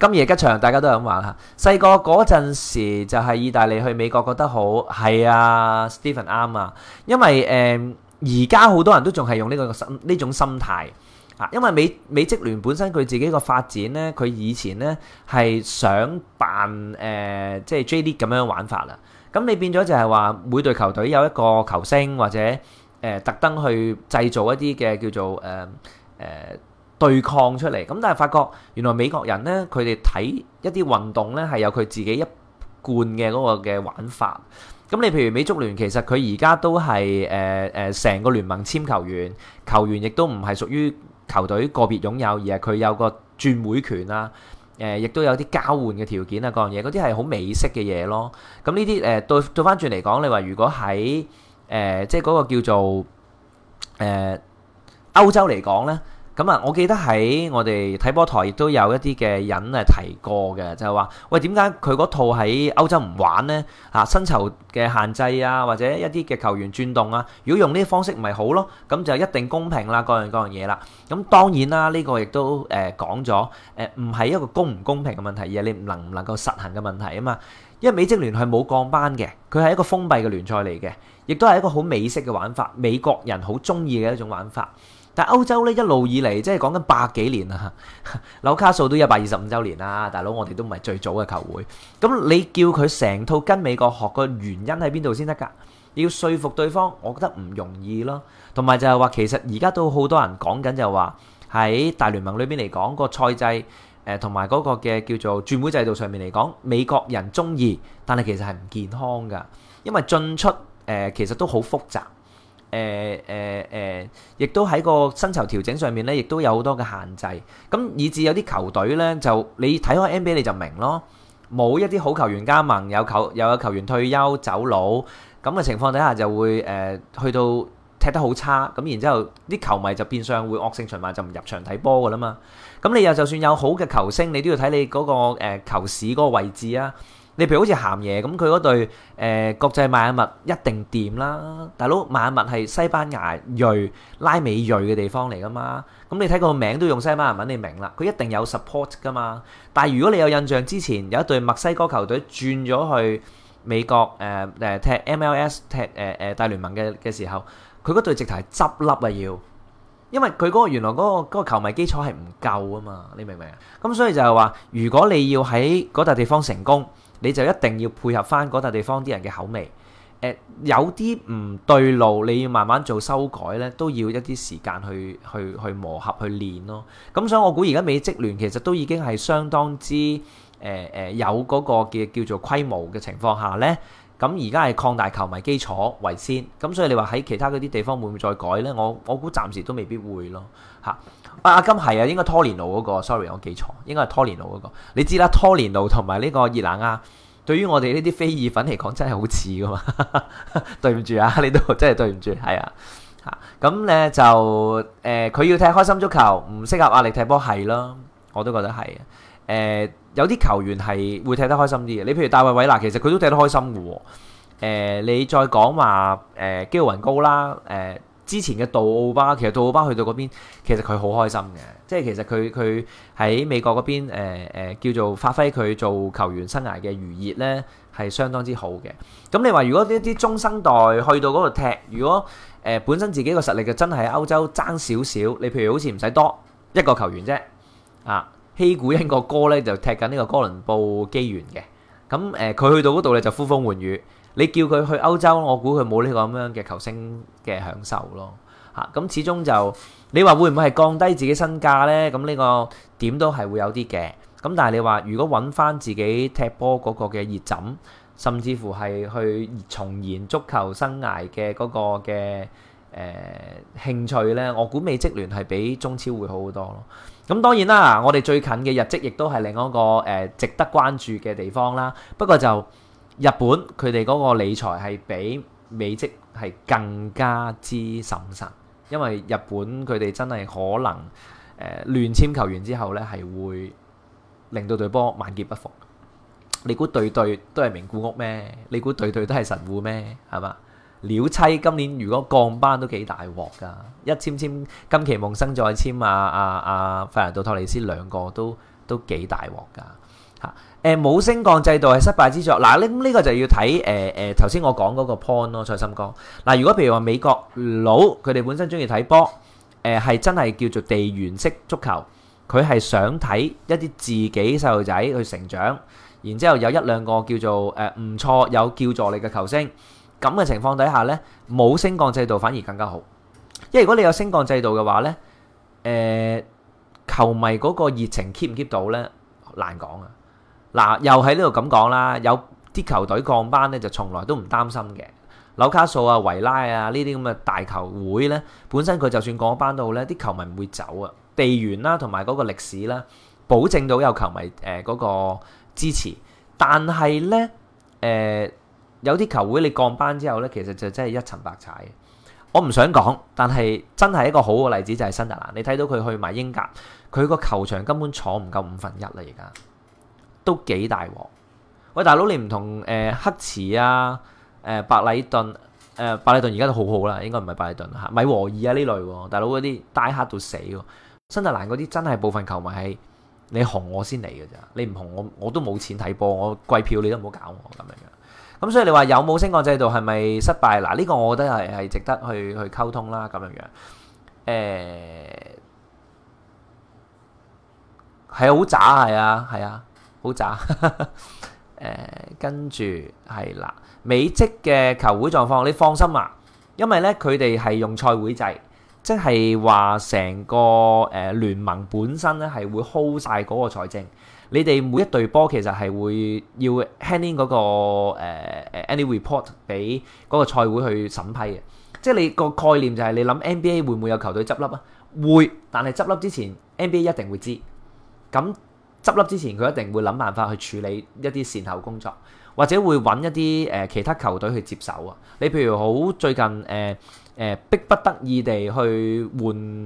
今夜吉祥，大家都有咁話啦。細個嗰陣時就係意大利去美國覺得好，係啊，Stephen 啱啊。因為誒，而家好多人都仲係用呢個心呢種心態啊。因為美美職聯本身佢自己個發展咧，佢以前咧係想扮誒，即係 J League 咁樣玩法啦。咁你變咗就係話每隊球隊有一個球星或者誒，特登去製造一啲嘅叫做誒誒。對抗出嚟，咁但係發覺原來美國人呢，佢哋睇一啲運動呢，係有佢自己一貫嘅嗰個嘅玩法。咁你譬如美足聯，其實佢而家都係誒誒成個聯盟簽球員，球員亦都唔係屬於球隊個別擁有，而係佢有個轉會權啦。誒，亦都有啲交換嘅條件啊，嗰樣嘢，嗰啲係好美式嘅嘢咯。咁呢啲誒倒倒翻轉嚟講，你話如果喺誒即係嗰個叫做誒歐洲嚟講呢？咁啊、嗯，我記得喺我哋睇波台亦都有一啲嘅人啊提過嘅，就係話：喂，點解佢嗰套喺歐洲唔玩呢？嚇、啊，薪酬嘅限制啊，或者一啲嘅球員轉動啊，如果用呢啲方式唔咪好咯？咁就一定公平啦，各樣各樣嘢啦。咁、嗯、當然啦，呢、呢個亦都誒、呃、講咗，誒唔係一個公唔公平嘅問題，而係你唔能唔能夠實行嘅問題啊嘛。因為美職聯係冇降班嘅，佢係一個封閉嘅聯賽嚟嘅，亦都係一個好美式嘅玩法，美國人好中意嘅一種玩法。但歐洲咧一路以嚟，即係講緊百幾年啦，紐卡素都一百二十五週年啦，大佬我哋都唔係最早嘅球會。咁你叫佢成套跟美國學個原因喺邊度先得㗎？要説服對方，我覺得唔容易咯。同埋就係話，其實而家都好多人講緊就係話，喺大聯盟裏邊嚟講個賽制，誒同埋嗰個嘅叫做轉會制度上面嚟講，美國人中意，但係其實係唔健康㗎，因為進出誒其實都好複雜。誒誒誒，亦都喺個薪酬調整上面咧，亦都有好多嘅限制。咁以至有啲球隊咧，就你睇開 NBA 你就明咯，冇一啲好球員加盟，有球又有球員退休走佬咁嘅情況底下，就會誒、呃、去到踢得好差。咁然之後啲球迷就變相會惡性循環，就唔入場睇波㗎喇嘛。咁你又就算有好嘅球星，你都要睇你嗰、嗰個、呃、球市嗰個位置啊。你譬如好似鹹嘢咁，佢嗰對誒國際邁阿密一定掂啦，大佬邁阿密係西班牙裔拉美裔嘅地方嚟噶嘛？咁你睇個名都用西班牙文，你明啦，佢一定有 support 噶嘛。但係如果你有印象，之前有一隊墨西哥球隊轉咗去美國誒誒踢 MLS 踢誒誒大聯盟嘅嘅時候，佢嗰對直頭係執笠啊要，因為佢嗰個原來嗰個嗰個球迷基礎係唔夠啊嘛，你明唔明啊？咁所以就係話，如果你要喺嗰笪地方成功，你就一定要配合翻嗰笪地方啲人嘅口味，呃、有啲唔對路，你要慢慢做修改咧，都要一啲時間去去去磨合去練咯。咁所以我估而家美職聯其實都已經係相當之誒誒、呃、有嗰個嘅叫，叫做規模嘅情況下呢。咁而家係擴大球迷基礎為先，咁所以你話喺其他嗰啲地方會唔會再改呢？我我估暫時都未必會咯，嚇！啊，阿金係啊，應該拖連奴嗰個，sorry，我記錯，應該係拖連奴嗰個。你知啦，拖連奴同埋呢個熱拿亞，對於我哋呢啲非意粉嚟講，真係好似噶嘛？ 對唔住啊，你都真係對唔住，係啊，嚇！咁咧就誒，佢、呃、要踢開心足球，唔適合壓力踢波，係咯，我都覺得係啊，呃有啲球員係會踢得開心啲嘅，你譬如戴維韋拿，其實佢都踢得開心嘅喎、哦呃。你再講話誒基奧雲高啦，誒、呃、之前嘅杜奧巴，其實杜奧巴去到嗰邊，其實佢好開心嘅，即係其實佢佢喺美國嗰邊誒、呃、叫做發揮佢做球員生涯嘅餘熱咧，係相當之好嘅。咁你話如果呢啲中生代去到嗰度踢，如果誒、呃、本身自己個實力就真係喺歐洲爭少少，你譬如好似唔使多一個球員啫，啊！希古因個哥咧就踢緊呢個哥倫布機緣嘅，咁誒佢去到嗰度咧就呼風喚雨。你叫佢去歐洲，我估佢冇呢個咁樣嘅球星嘅享受咯，嚇、啊。咁、嗯、始終就你話會唔會係降低自己身價咧？咁呢個點都係會有啲嘅。咁但係你話如果揾翻自己踢波嗰個嘅熱枕，甚至乎係去重燃足球生涯嘅嗰個嘅誒、呃、興趣咧，我估美職聯係比中超會好好多咯。咁當然啦，我哋最近嘅日職亦都係另一個誒、呃、值得關注嘅地方啦。不過就日本佢哋嗰個理財係比美職係更加之審慎，因為日本佢哋真係可能誒、呃、亂簽球員之後咧係會令到隊波萬劫不復。你估隊隊都係名古屋咩？你估隊隊都係神戶咩？係嘛？鳥棲今年如果降班都幾大鑊㗎，一簽簽金崎夢生，再簽啊啊啊費蘭度托利斯，兩個都都幾大鑊㗎嚇，誒，冇升降制度係失敗之作嗱，呢呢個就要睇誒誒頭先我講嗰個 point，咯，蔡心哥，嗱，如果譬如話美國佬佢哋本身中意睇波，誒，係真係叫做地緣式足球，佢係想睇一啲自己細路仔去成長，然之後有一兩個叫做誒唔錯有叫助力嘅球星。咁嘅情況底下咧，冇升降制度反而更加好，因為如果你有升降制度嘅話咧，誒，球迷嗰個熱情 keep 唔 keep 到咧難講啊。嗱，又喺呢度咁講啦，有啲球隊降班咧就從來都唔擔心嘅，紐卡素啊、維拉啊呢啲咁嘅大球會咧，本身佢就算降班到咧，啲球迷唔會走啊，地緣啦同埋嗰個歷史啦，保證到有球迷誒嗰個支持，但係咧，誒。有啲球會你降班之後呢，其實就真係一沉百踩。我唔想講，但係真係一個好嘅例子就係新特蘭。你睇到佢去買英格，佢個球場根本坐唔夠五分一啦，而家都幾大鑊。喂，大佬你唔同誒黑池啊、誒白禮頓、誒白禮頓而家都好好啦，應該唔係白禮頓嚇，米和爾啊呢類喎，大佬嗰啲大黑到死喎。新特蘭嗰啲真係部分球迷係你紅我先嚟㗎咋，你唔紅我我都冇錢睇波，我貴票你都唔好搞我咁樣。咁、嗯、所以你話有冇升降制度係咪失敗？嗱，呢、呢個我覺得係係值得去去溝通啦咁樣樣。誒、呃，係好渣，係啊，係啊，好渣。誒、 呃，跟住係啦，美職嘅球會狀況，你放心啊，因為咧佢哋係用賽會制，即係話成個誒、呃、聯盟本身咧係會 hold 曬嗰個財政。你哋每一隊波其實係會要 hand in 嗰、那個誒誒、uh, any report 俾嗰個賽會去審批嘅，即係你個概念就係、是、你諗 NBA 會唔會有球隊執笠啊？會，但係執笠之前 NBA 一定會知。咁執笠之前佢一定會諗辦法去處理一啲善後工作，或者會揾一啲誒、uh, 其他球隊去接手啊。你譬如好最近誒誒迫不得已地去換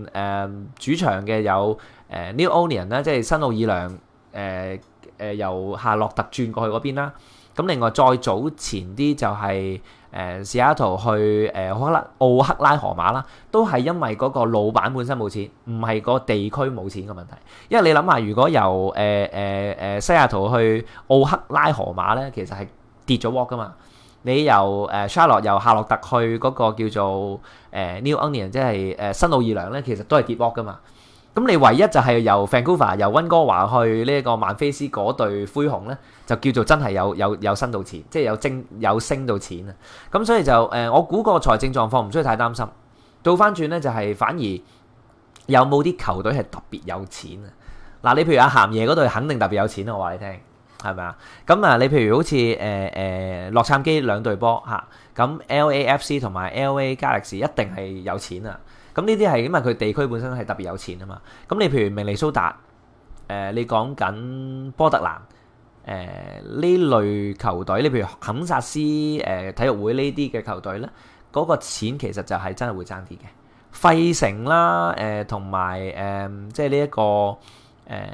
誒、uh, 主場嘅有誒、uh, New Orleans 啦，即係新奧爾良。誒誒、呃呃、由夏洛特轉過去嗰邊啦，咁另外再早前啲就係誒西雅圖去誒可能奧克拉荷馬啦，都係因為嗰個老闆本身冇錢，唔係個地區冇錢嘅問題。因為你諗下，如果由誒誒誒西雅圖去奧克拉荷馬咧，其實係跌咗鑊㗎嘛。你由誒夏洛由夏洛特去嗰個叫做誒、呃、New Onion 即係誒、呃、新奧爾良咧，其實都係跌鑊㗎嘛。咁你唯一就係由 Vancouver 由溫哥華去呢個曼菲斯嗰隊灰熊呢，就叫做真係有有有升到錢，即係有升有升到錢啊！咁所以就誒、呃，我估個財政狀況唔需要太擔心。倒翻轉呢，就係反而有冇啲球隊係特別有錢啊？嗱，你譬如阿鹹爺嗰隊肯定特別有錢，我話你聽，係咪啊？咁啊，你譬如好似誒誒洛杉磯兩隊波嚇，咁、啊、L A F C 同埋 L A Galaxy 一定係有錢啊！咁呢啲係因為佢地區本身係特別有錢啊嘛。咁你譬如明尼蘇達，誒、呃、你講緊波特蘭，誒、呃、呢類球隊，你譬如肯薩斯誒、呃、體育會呢啲嘅球隊咧，嗰、嗰個錢其實就係真係會爭啲嘅。費城啦，誒同埋誒即係呢一個誒誒誒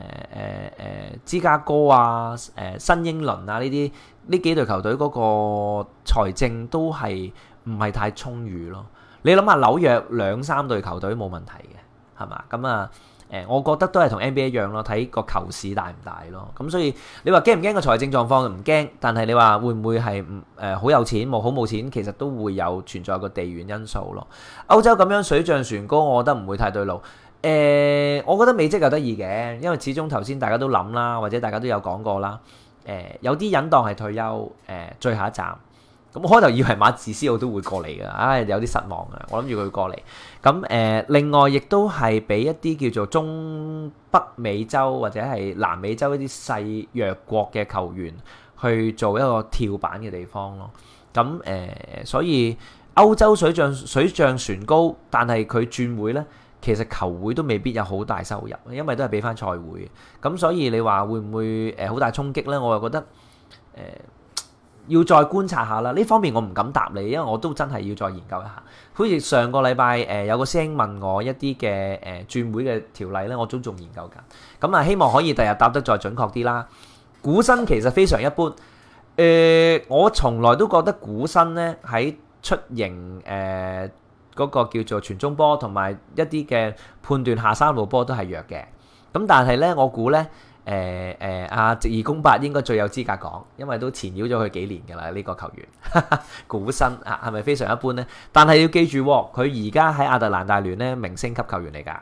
芝加哥啊，誒、呃、新英倫啊呢啲呢幾隊球隊嗰個財政都係唔係太充裕咯。你諗下紐約兩三隊球隊冇問題嘅，係嘛？咁啊，誒、呃，我覺得都係同 NBA 一樣咯，睇個球市大唔大咯。咁所以你話驚唔驚個財政狀況？唔驚，但係你話會唔會係唔誒好有錢冇好冇錢，其實都會有存在個地緣因素咯。歐洲咁樣水漲船高，我覺得唔會太對路。誒、呃，我覺得美職又得意嘅，因為始終頭先大家都諗啦，或者大家都有講過啦。誒、呃，有啲人當係退休，誒、呃，最後一站。咁我開頭以為馬治斯我都會過嚟噶，唉有啲失望啊！我諗住佢過嚟，咁誒、呃、另外亦都係俾一啲叫做中北美洲或者係南美洲一啲細弱國嘅球員去做一個跳板嘅地方咯。咁誒、呃，所以歐洲水漲水漲船高，但係佢轉會呢，其實球會都未必有好大收入，因為都係俾翻賽會。咁所以你話會唔會誒好大衝擊呢？我又覺得誒、呃要再觀察下啦，呢方面我唔敢答你，因為我都真係要再研究一下。好似上個禮拜誒有個師兄問我一啲嘅誒轉會嘅條例咧，我都仲研究緊。咁、嗯、啊，希望可以第日答得再準確啲啦。股身其實非常一般，誒、呃、我從來都覺得股身咧喺出型誒嗰個叫做傳中波同埋一啲嘅判斷下三路波都係弱嘅。咁、嗯、但係咧，我估咧。誒誒，阿、呃啊、二公八應該最有資格講，因為都纏繞咗佢幾年㗎啦，呢、這個球員，股薪啊，係咪非常一般呢？但係要記住，佢而家喺亞特蘭大聯咧，明星級球員嚟㗎，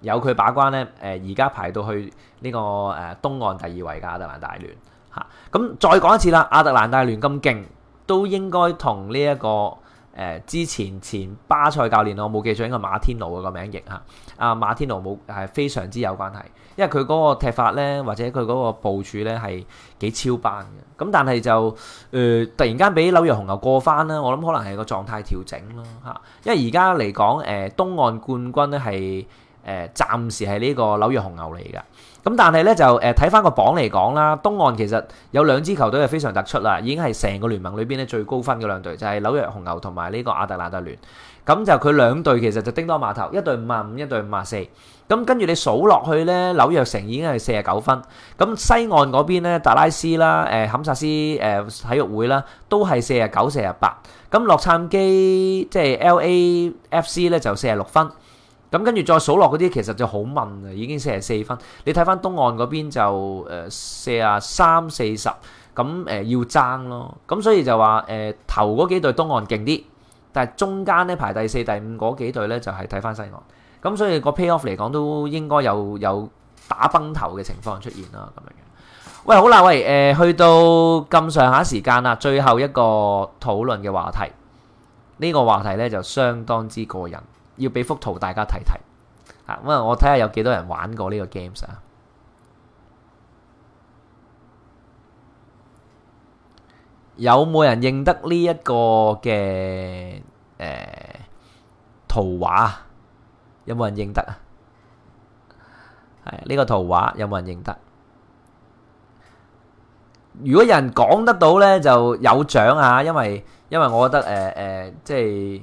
有佢把關呢，誒、啊，而家排到去呢、這個誒、啊、東岸第二位嘅亞特蘭大聯嚇。咁、啊、再講一次啦，亞特蘭大聯咁勁，都應該同呢一個。誒之前前巴塞教練，我冇記錯應該馬天奴個名譯嚇，阿馬天奴冇係非常之有關係，因為佢嗰個踢法咧，或者佢嗰個部署咧係幾超班嘅。咁但係就誒、呃、突然間俾紐約紅牛過翻啦，我諗可能係個狀態調整咯嚇、啊。因為而家嚟講，誒、呃、東岸冠軍咧係誒暫時係呢個紐約紅牛嚟㗎。咁但係咧就誒睇翻個榜嚟講啦，東岸其實有兩支球隊係非常突出啦，已經係成個聯盟裏邊咧最高分嘅兩隊，就係、是、紐約紅牛同埋呢個亞特蘭大聯。咁就佢兩隊其實就叮噹碼頭，一隊五萬五，一隊五萬四。咁跟住你數落去咧，紐約城已經係四十九分。咁西岸嗰邊咧，達拉斯啦、誒、呃、堪薩斯、誒、呃、體育會啦，都係四十九、四十八。咁洛杉磯即係 L A F C 咧就四十六分。咁跟住再數落嗰啲，其實就好問啊，已經四十四分。你睇翻東岸嗰邊就誒四啊三四十，咁、呃、誒、呃、要爭咯。咁所以就話誒、呃、頭嗰幾隊東岸勁啲，但係中間咧排第四、第五嗰幾隊咧就係睇翻西岸。咁所以個 playoff 嚟講，都應該有有打崩頭嘅情況出現啦。咁樣嘅。喂，好啦，喂誒、呃，去到咁上下時間啦，最後一個討論嘅話題，呢、呢個話題咧就相當之過癮。要俾幅圖大家睇睇，啊，咁啊，我睇下有幾多人玩過呢個 games 啊？有冇人認得呢一個嘅誒圖畫啊？有冇人認得啊？係呢個圖畫有冇人認得？如果有人講得到咧，就有獎啊！因為因為我覺得誒誒，即係。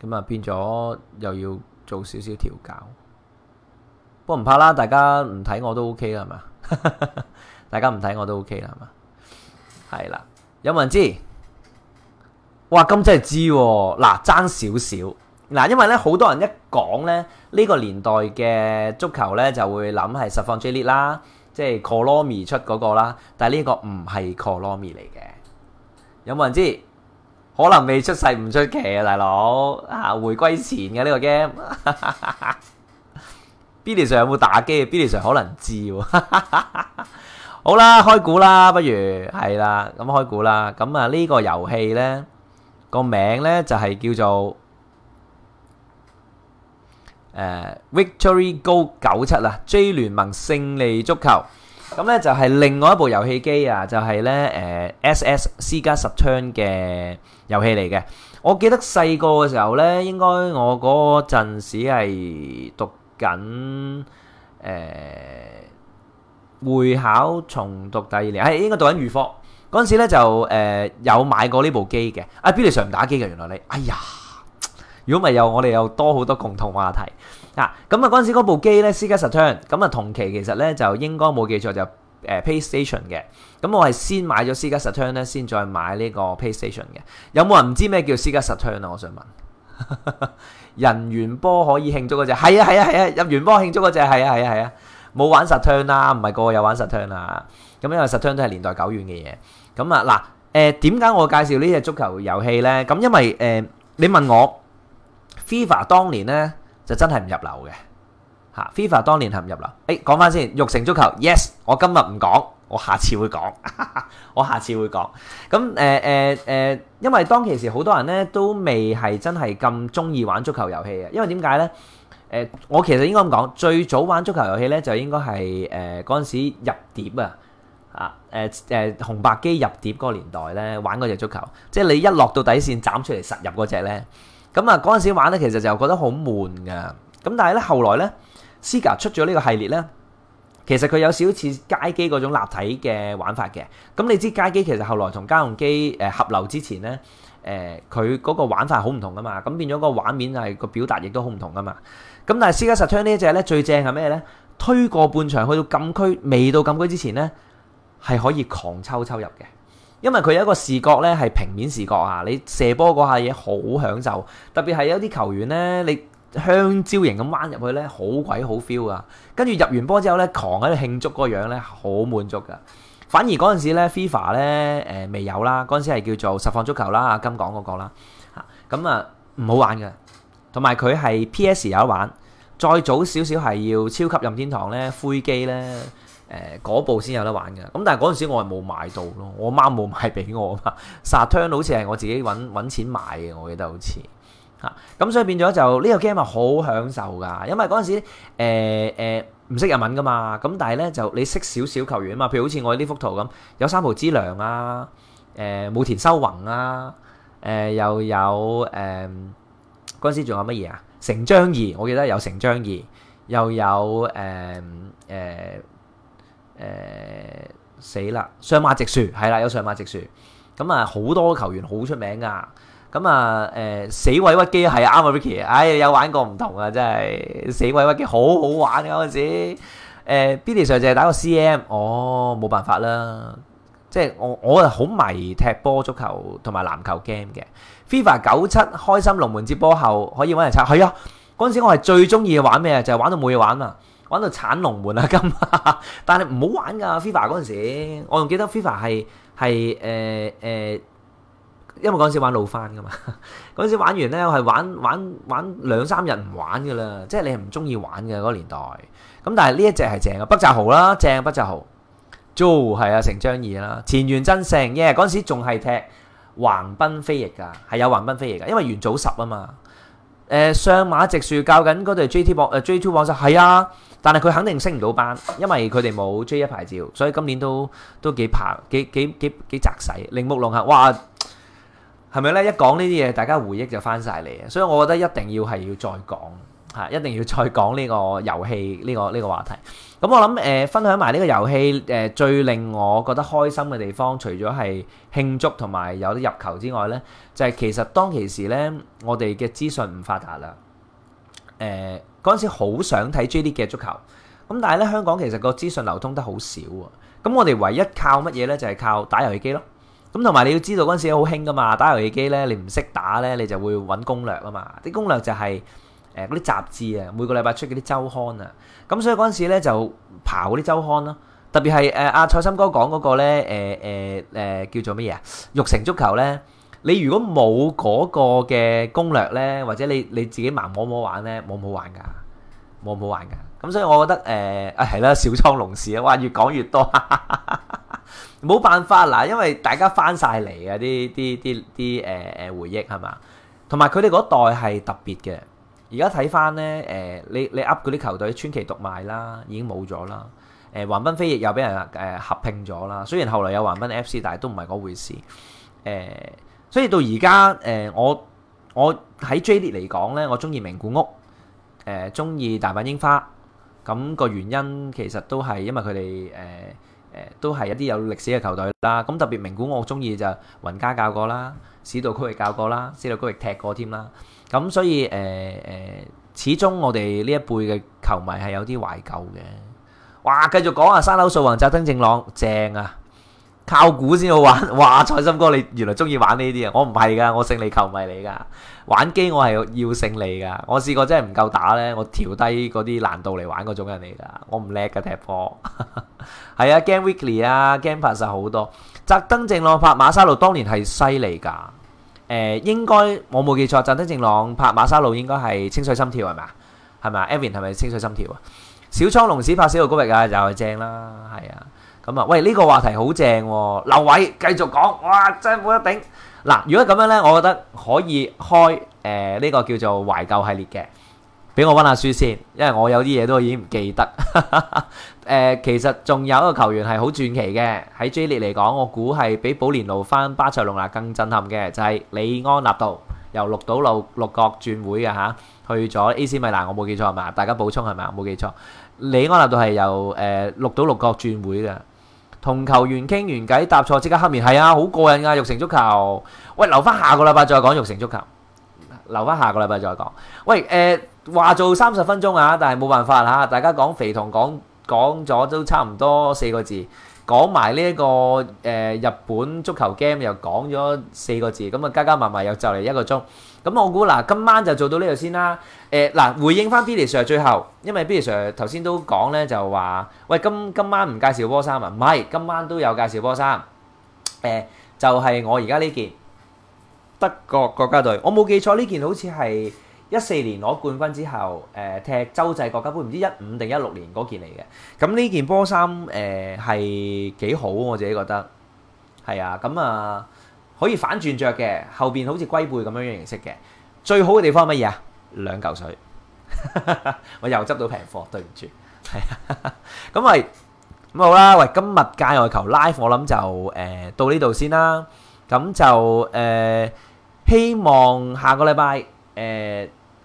咁啊，變咗又要做少少調教，不過唔怕啦，大家唔睇我都 OK 啦，係嘛？ 大家唔睇我都 OK 啦，係嘛？係啦，有冇人知？哇，咁真係知喎、啊！嗱，爭少少，嗱，因為咧好多人一講咧呢、這個年代嘅足球咧就會諗係實況最叻啦，即係 Konami 出嗰個啦，但係呢個唔係 Konami 嚟嘅，有冇人知？可能未出世唔出奇啊，大佬啊，回歸前嘅呢個 game。Billy Sir 有冇打機啊？Billy Sir 可能知。好啦，開估啦，不如係啦，咁開估啦。咁啊，呢個遊戲咧個名咧就係叫做誒 Victory Go 九七啦，J 聯盟勝利足球。咁咧就係另外一部遊戲機啊，就係、是、咧誒、呃、S S C 加十槍嘅遊戲嚟嘅。我記得細個嘅時候咧，應該我嗰陣時係讀緊誒、呃、會考，重讀第二年，係、嗯、應該讀緊預科嗰陣時咧就誒有買過呢部機嘅。阿 Billy 常唔打機嘅，原來你，哎呀，如果咪又我哋有多好多共同話題。嗱，咁啊嗰陣時嗰部機咧，C 加 Saturn，咁啊同期其實咧就應該冇記錯，就誒 PlayStation 嘅。咁、嗯、我係先買咗 C 加 Saturn 咧，urn，先再買呢個 PlayStation 嘅。有冇人唔知咩叫 C 加 Saturn 啊？我想問。哈哈，入完波可以慶祝嗰隻，係啊係啊係啊，啊，入完波慶祝嗰隻，係啊係啊係啊，冇玩 Saturn 啦，唔係個個有玩 Saturn 啦。咁因為 Saturn 都係年代久遠嘅嘢。咁、嗯、啊嗱，誒點解我介紹呢隻足球遊戲咧？咁因為誒、呃、你問我 FIFA 當年咧。就真係唔入流嘅，嚇！FIFA 當年係唔入流。誒、欸，講翻先，玉成足球，yes，我今日唔講，我下次會講， 我下次會講。咁誒誒誒，因為當其時好多人咧都未係真係咁中意玩足球遊戲啊。因為點解咧？誒、呃，我其實應該咁講，最早玩足球遊戲咧就應該係誒嗰陣時入碟啊，啊誒誒紅白機入碟嗰個年代咧玩嗰隻足球，即係你一落到底線斬出嚟實入嗰隻咧。咁啊，嗰陣、嗯、時玩咧，其實就覺得好悶噶。咁但係咧，後來咧，Ciga 出咗呢個系列咧，其實佢有少少似街機嗰種立體嘅玩法嘅。咁你知街機其實後來同家用機誒合流之前咧，誒佢嗰個玩法好唔同噶嘛。咁變咗個畫面就係個表達亦都好唔同噶嘛。咁但係 Ciga 實穿呢一隻咧，最正係咩咧？推過半場去到禁區，未到禁區之前咧，係可以狂抽抽入嘅。因為佢有一個視覺咧係平面視覺啊，你射波嗰下嘢好享受，特別係有啲球員咧，你香蕉型咁彎入去咧，好鬼好 feel 啊！跟住入完波之後咧，狂喺度慶祝嗰個樣咧，好滿足噶。反而嗰陣時咧，FIFA 咧誒未有啦，嗰陣時係叫做實況足球啦，金港嗰、那個啦嚇，咁啊唔、嗯、好玩嘅，同埋佢係 PS 有得玩，再早少少係要超級任天堂咧灰機咧。嗰部先有得玩嘅，咁但係嗰陣時我係冇買到咯，我媽冇買俾我啊 Saturn 好似係我自己揾揾錢買嘅，我記得好似嚇，咁、啊、所以變咗就呢、呢個 game 啊好享受㗎，因為嗰陣時誒唔識日文㗎嘛，咁但係咧就你識少少球員啊嘛，譬如好似我呢幅圖咁，有三浦知良啊，誒、呃、武田修宏啊，誒、呃、又有誒嗰陣時仲有乜嘢啊？成章二，我記得有成章二，又有誒誒。呃呃呃呃誒、呃，死啦，上馬直樹係啦，有上馬直樹，咁啊好多球員好出名噶，咁啊誒，死位屈機係啱啊，Vicky，唉、哎、有玩過唔同啊，真係死位屈機好好玩啊嗰陣時，誒 Billy 上陣係打個 CM 哦，冇辦法啦，即係我我啊好迷踢波足球同埋籃球 game 嘅，FIFA 九七開心龍門接波後可以搵人拆，係、哎、啊，嗰陣時我係最中意玩咩啊，就係、是、玩到冇嘢玩啦。玩到鏟龍門啊！咁，但係唔好玩噶。FIFA 嗰陣時，我仲記得 FIFA 係係誒誒，因為嗰陣時玩老番噶嘛。嗰陣時玩完咧，我係玩玩玩兩三日唔玩噶啦。即係你係唔中意玩嘅嗰、那個、年代。咁但係呢一隻係正嘅，北澤豪啦，正北澤豪，Jo 係啊，成張二啦，前園真聖耶。嗰、yeah，陣時仲係踢橫濱飛翼噶，係有橫濱飛翼噶，因為元祖十啊嘛。誒、呃、上馬直樹教緊嗰對 J T b o 誒 J Two 王者係啊。但係佢肯定升唔到班，因為佢哋冇 J 一牌照，所以今年都都幾怕，幾幾幾幾窄細。鈴木龍係哇，係咪咧？一講呢啲嘢，大家回憶就翻晒嚟，所以我覺得一定要係要再講吓，一定要再講呢個遊戲呢個呢個話題。咁我諗誒，分享埋呢個遊戲誒，最令我覺得開心嘅地方，除咗係慶祝同埋有啲入球之外咧，就係其實當其時咧，我哋嘅資訊唔發達啦，誒。嗰陣時好想睇 J League 嘅足球，咁但係咧香港其實個資訊流通得好少喎，咁我哋唯一靠乜嘢咧就係靠打遊戲機咯，咁同埋你要知道嗰陣時好興噶嘛，打遊戲機咧你唔識打咧你就會揾攻略啊嘛，啲攻略就係誒嗰啲雜誌啊，每個禮拜出嗰啲週刊啊，咁所以嗰陣時咧就刨嗰啲週刊咯，特別係誒阿蔡心哥講嗰個咧誒誒誒叫做乜嘢啊？玉成足球咧。你如果冇嗰個嘅攻略呢，或者你你自己盲摸摸玩呢，冇唔好玩噶，冇唔好玩噶。咁所以，我覺得誒啊，係、呃、啦，小倉龍士啊，哇，越講越多，冇 辦法嗱，因為大家翻晒嚟啊，啲啲啲啲誒誒回憶係嘛，同埋佢哋嗰代係特別嘅。而家睇翻呢，誒、呃、你你噏嗰啲球隊，川崎讀賣啦，已經冇咗啦。誒、呃、橫濱飛翼又俾人誒、呃、合併咗啦，雖然後來有橫濱 FC，但係都唔係嗰回事。誒、呃。呃所以到而家，誒我我喺 J League 嚟講咧，我中意名古屋，誒中意大阪櫻花，咁、那個原因其實都係因為佢哋誒誒都係一啲有歷史嘅球隊啦。咁特別名古屋，我中意就雲加教過啦，市道區域教過啦，市道區域踢過添啦。咁所以誒誒、呃呃，始終我哋呢一輩嘅球迷係有啲懷舊嘅。哇，繼續講啊，山口素宏、澤登正朗，正啊！靠估先好玩，哇！蔡心哥你原來中意玩呢啲啊？我唔係噶，我勝利球迷嚟噶。玩機我係要勝利噶。我試過真係唔夠打咧，我調低嗰啲難度嚟玩嗰種人嚟噶。我唔叻噶踢波。係 啊，Game Weekly 啊，Game Pass 好、啊、多。澤登正朗拍馬沙路，當年係犀利噶。誒、呃，應該我冇記錯，澤登正朗拍馬沙路應該係清水心跳係咪啊？係咪啊？Evan 係咪清水心跳啊？小倉龍史拍小路高域啊，又係正啦，係啊。咁啊，喂！呢個話題好正喎，劉偉繼續講，哇，真冇得頂。嗱，如果咁樣咧，我覺得可以開誒呢個叫做懷舊系列嘅，俾我溫下書先，因為我有啲嘢都已經唔記得。誒，其實仲有一個球員係好傳奇嘅，喺 J League 嚟講，我估係比保連奴翻巴塞隆拿更震撼嘅，就係李安納度由鹿島鹿角轉會嘅嚇，去咗 AC 米蘭，我冇記錯係嘛？大家補充係嘛？冇記錯，李安納度係由誒鹿島鹿角轉會嘅。同球員傾完偈，答錯即刻黑面，係啊，好過癮啊！玉成足球，喂，留翻下個禮拜再講玉成足球，留翻下個禮拜再講。喂，誒、呃、話做三十分鐘啊，但係冇辦法嚇，大家講肥童講講咗都差唔多四個字。講埋呢一個誒日本足球 game 又講咗四個字，咁啊加加埋埋又就嚟一個鐘，咁我估嗱今晚就做到呢度先啦。誒嗱回應翻 Bill Sir 最後，因為 Bill Sir 頭先都講咧就話，喂，今今晚唔介紹波衫啊，唔係今晚都有介紹波衫。誒就係我而家呢件德國國家隊，我冇記錯呢件好似係。一四年攞冠軍之後，誒踢洲際國家杯，唔知一五定一六年嗰件嚟嘅。咁呢件波衫誒係幾好，我自己覺得係啊。咁啊可以反轉著嘅，後邊好似龜背咁樣嘅形式嘅。最好嘅地方係乜嘢啊？兩嚿水，我又執到平貨，對唔住。係啊，咁咪咁好啦。喂，今日界外球 Live，我諗就誒到呢度先啦。咁就誒希望下個禮拜誒。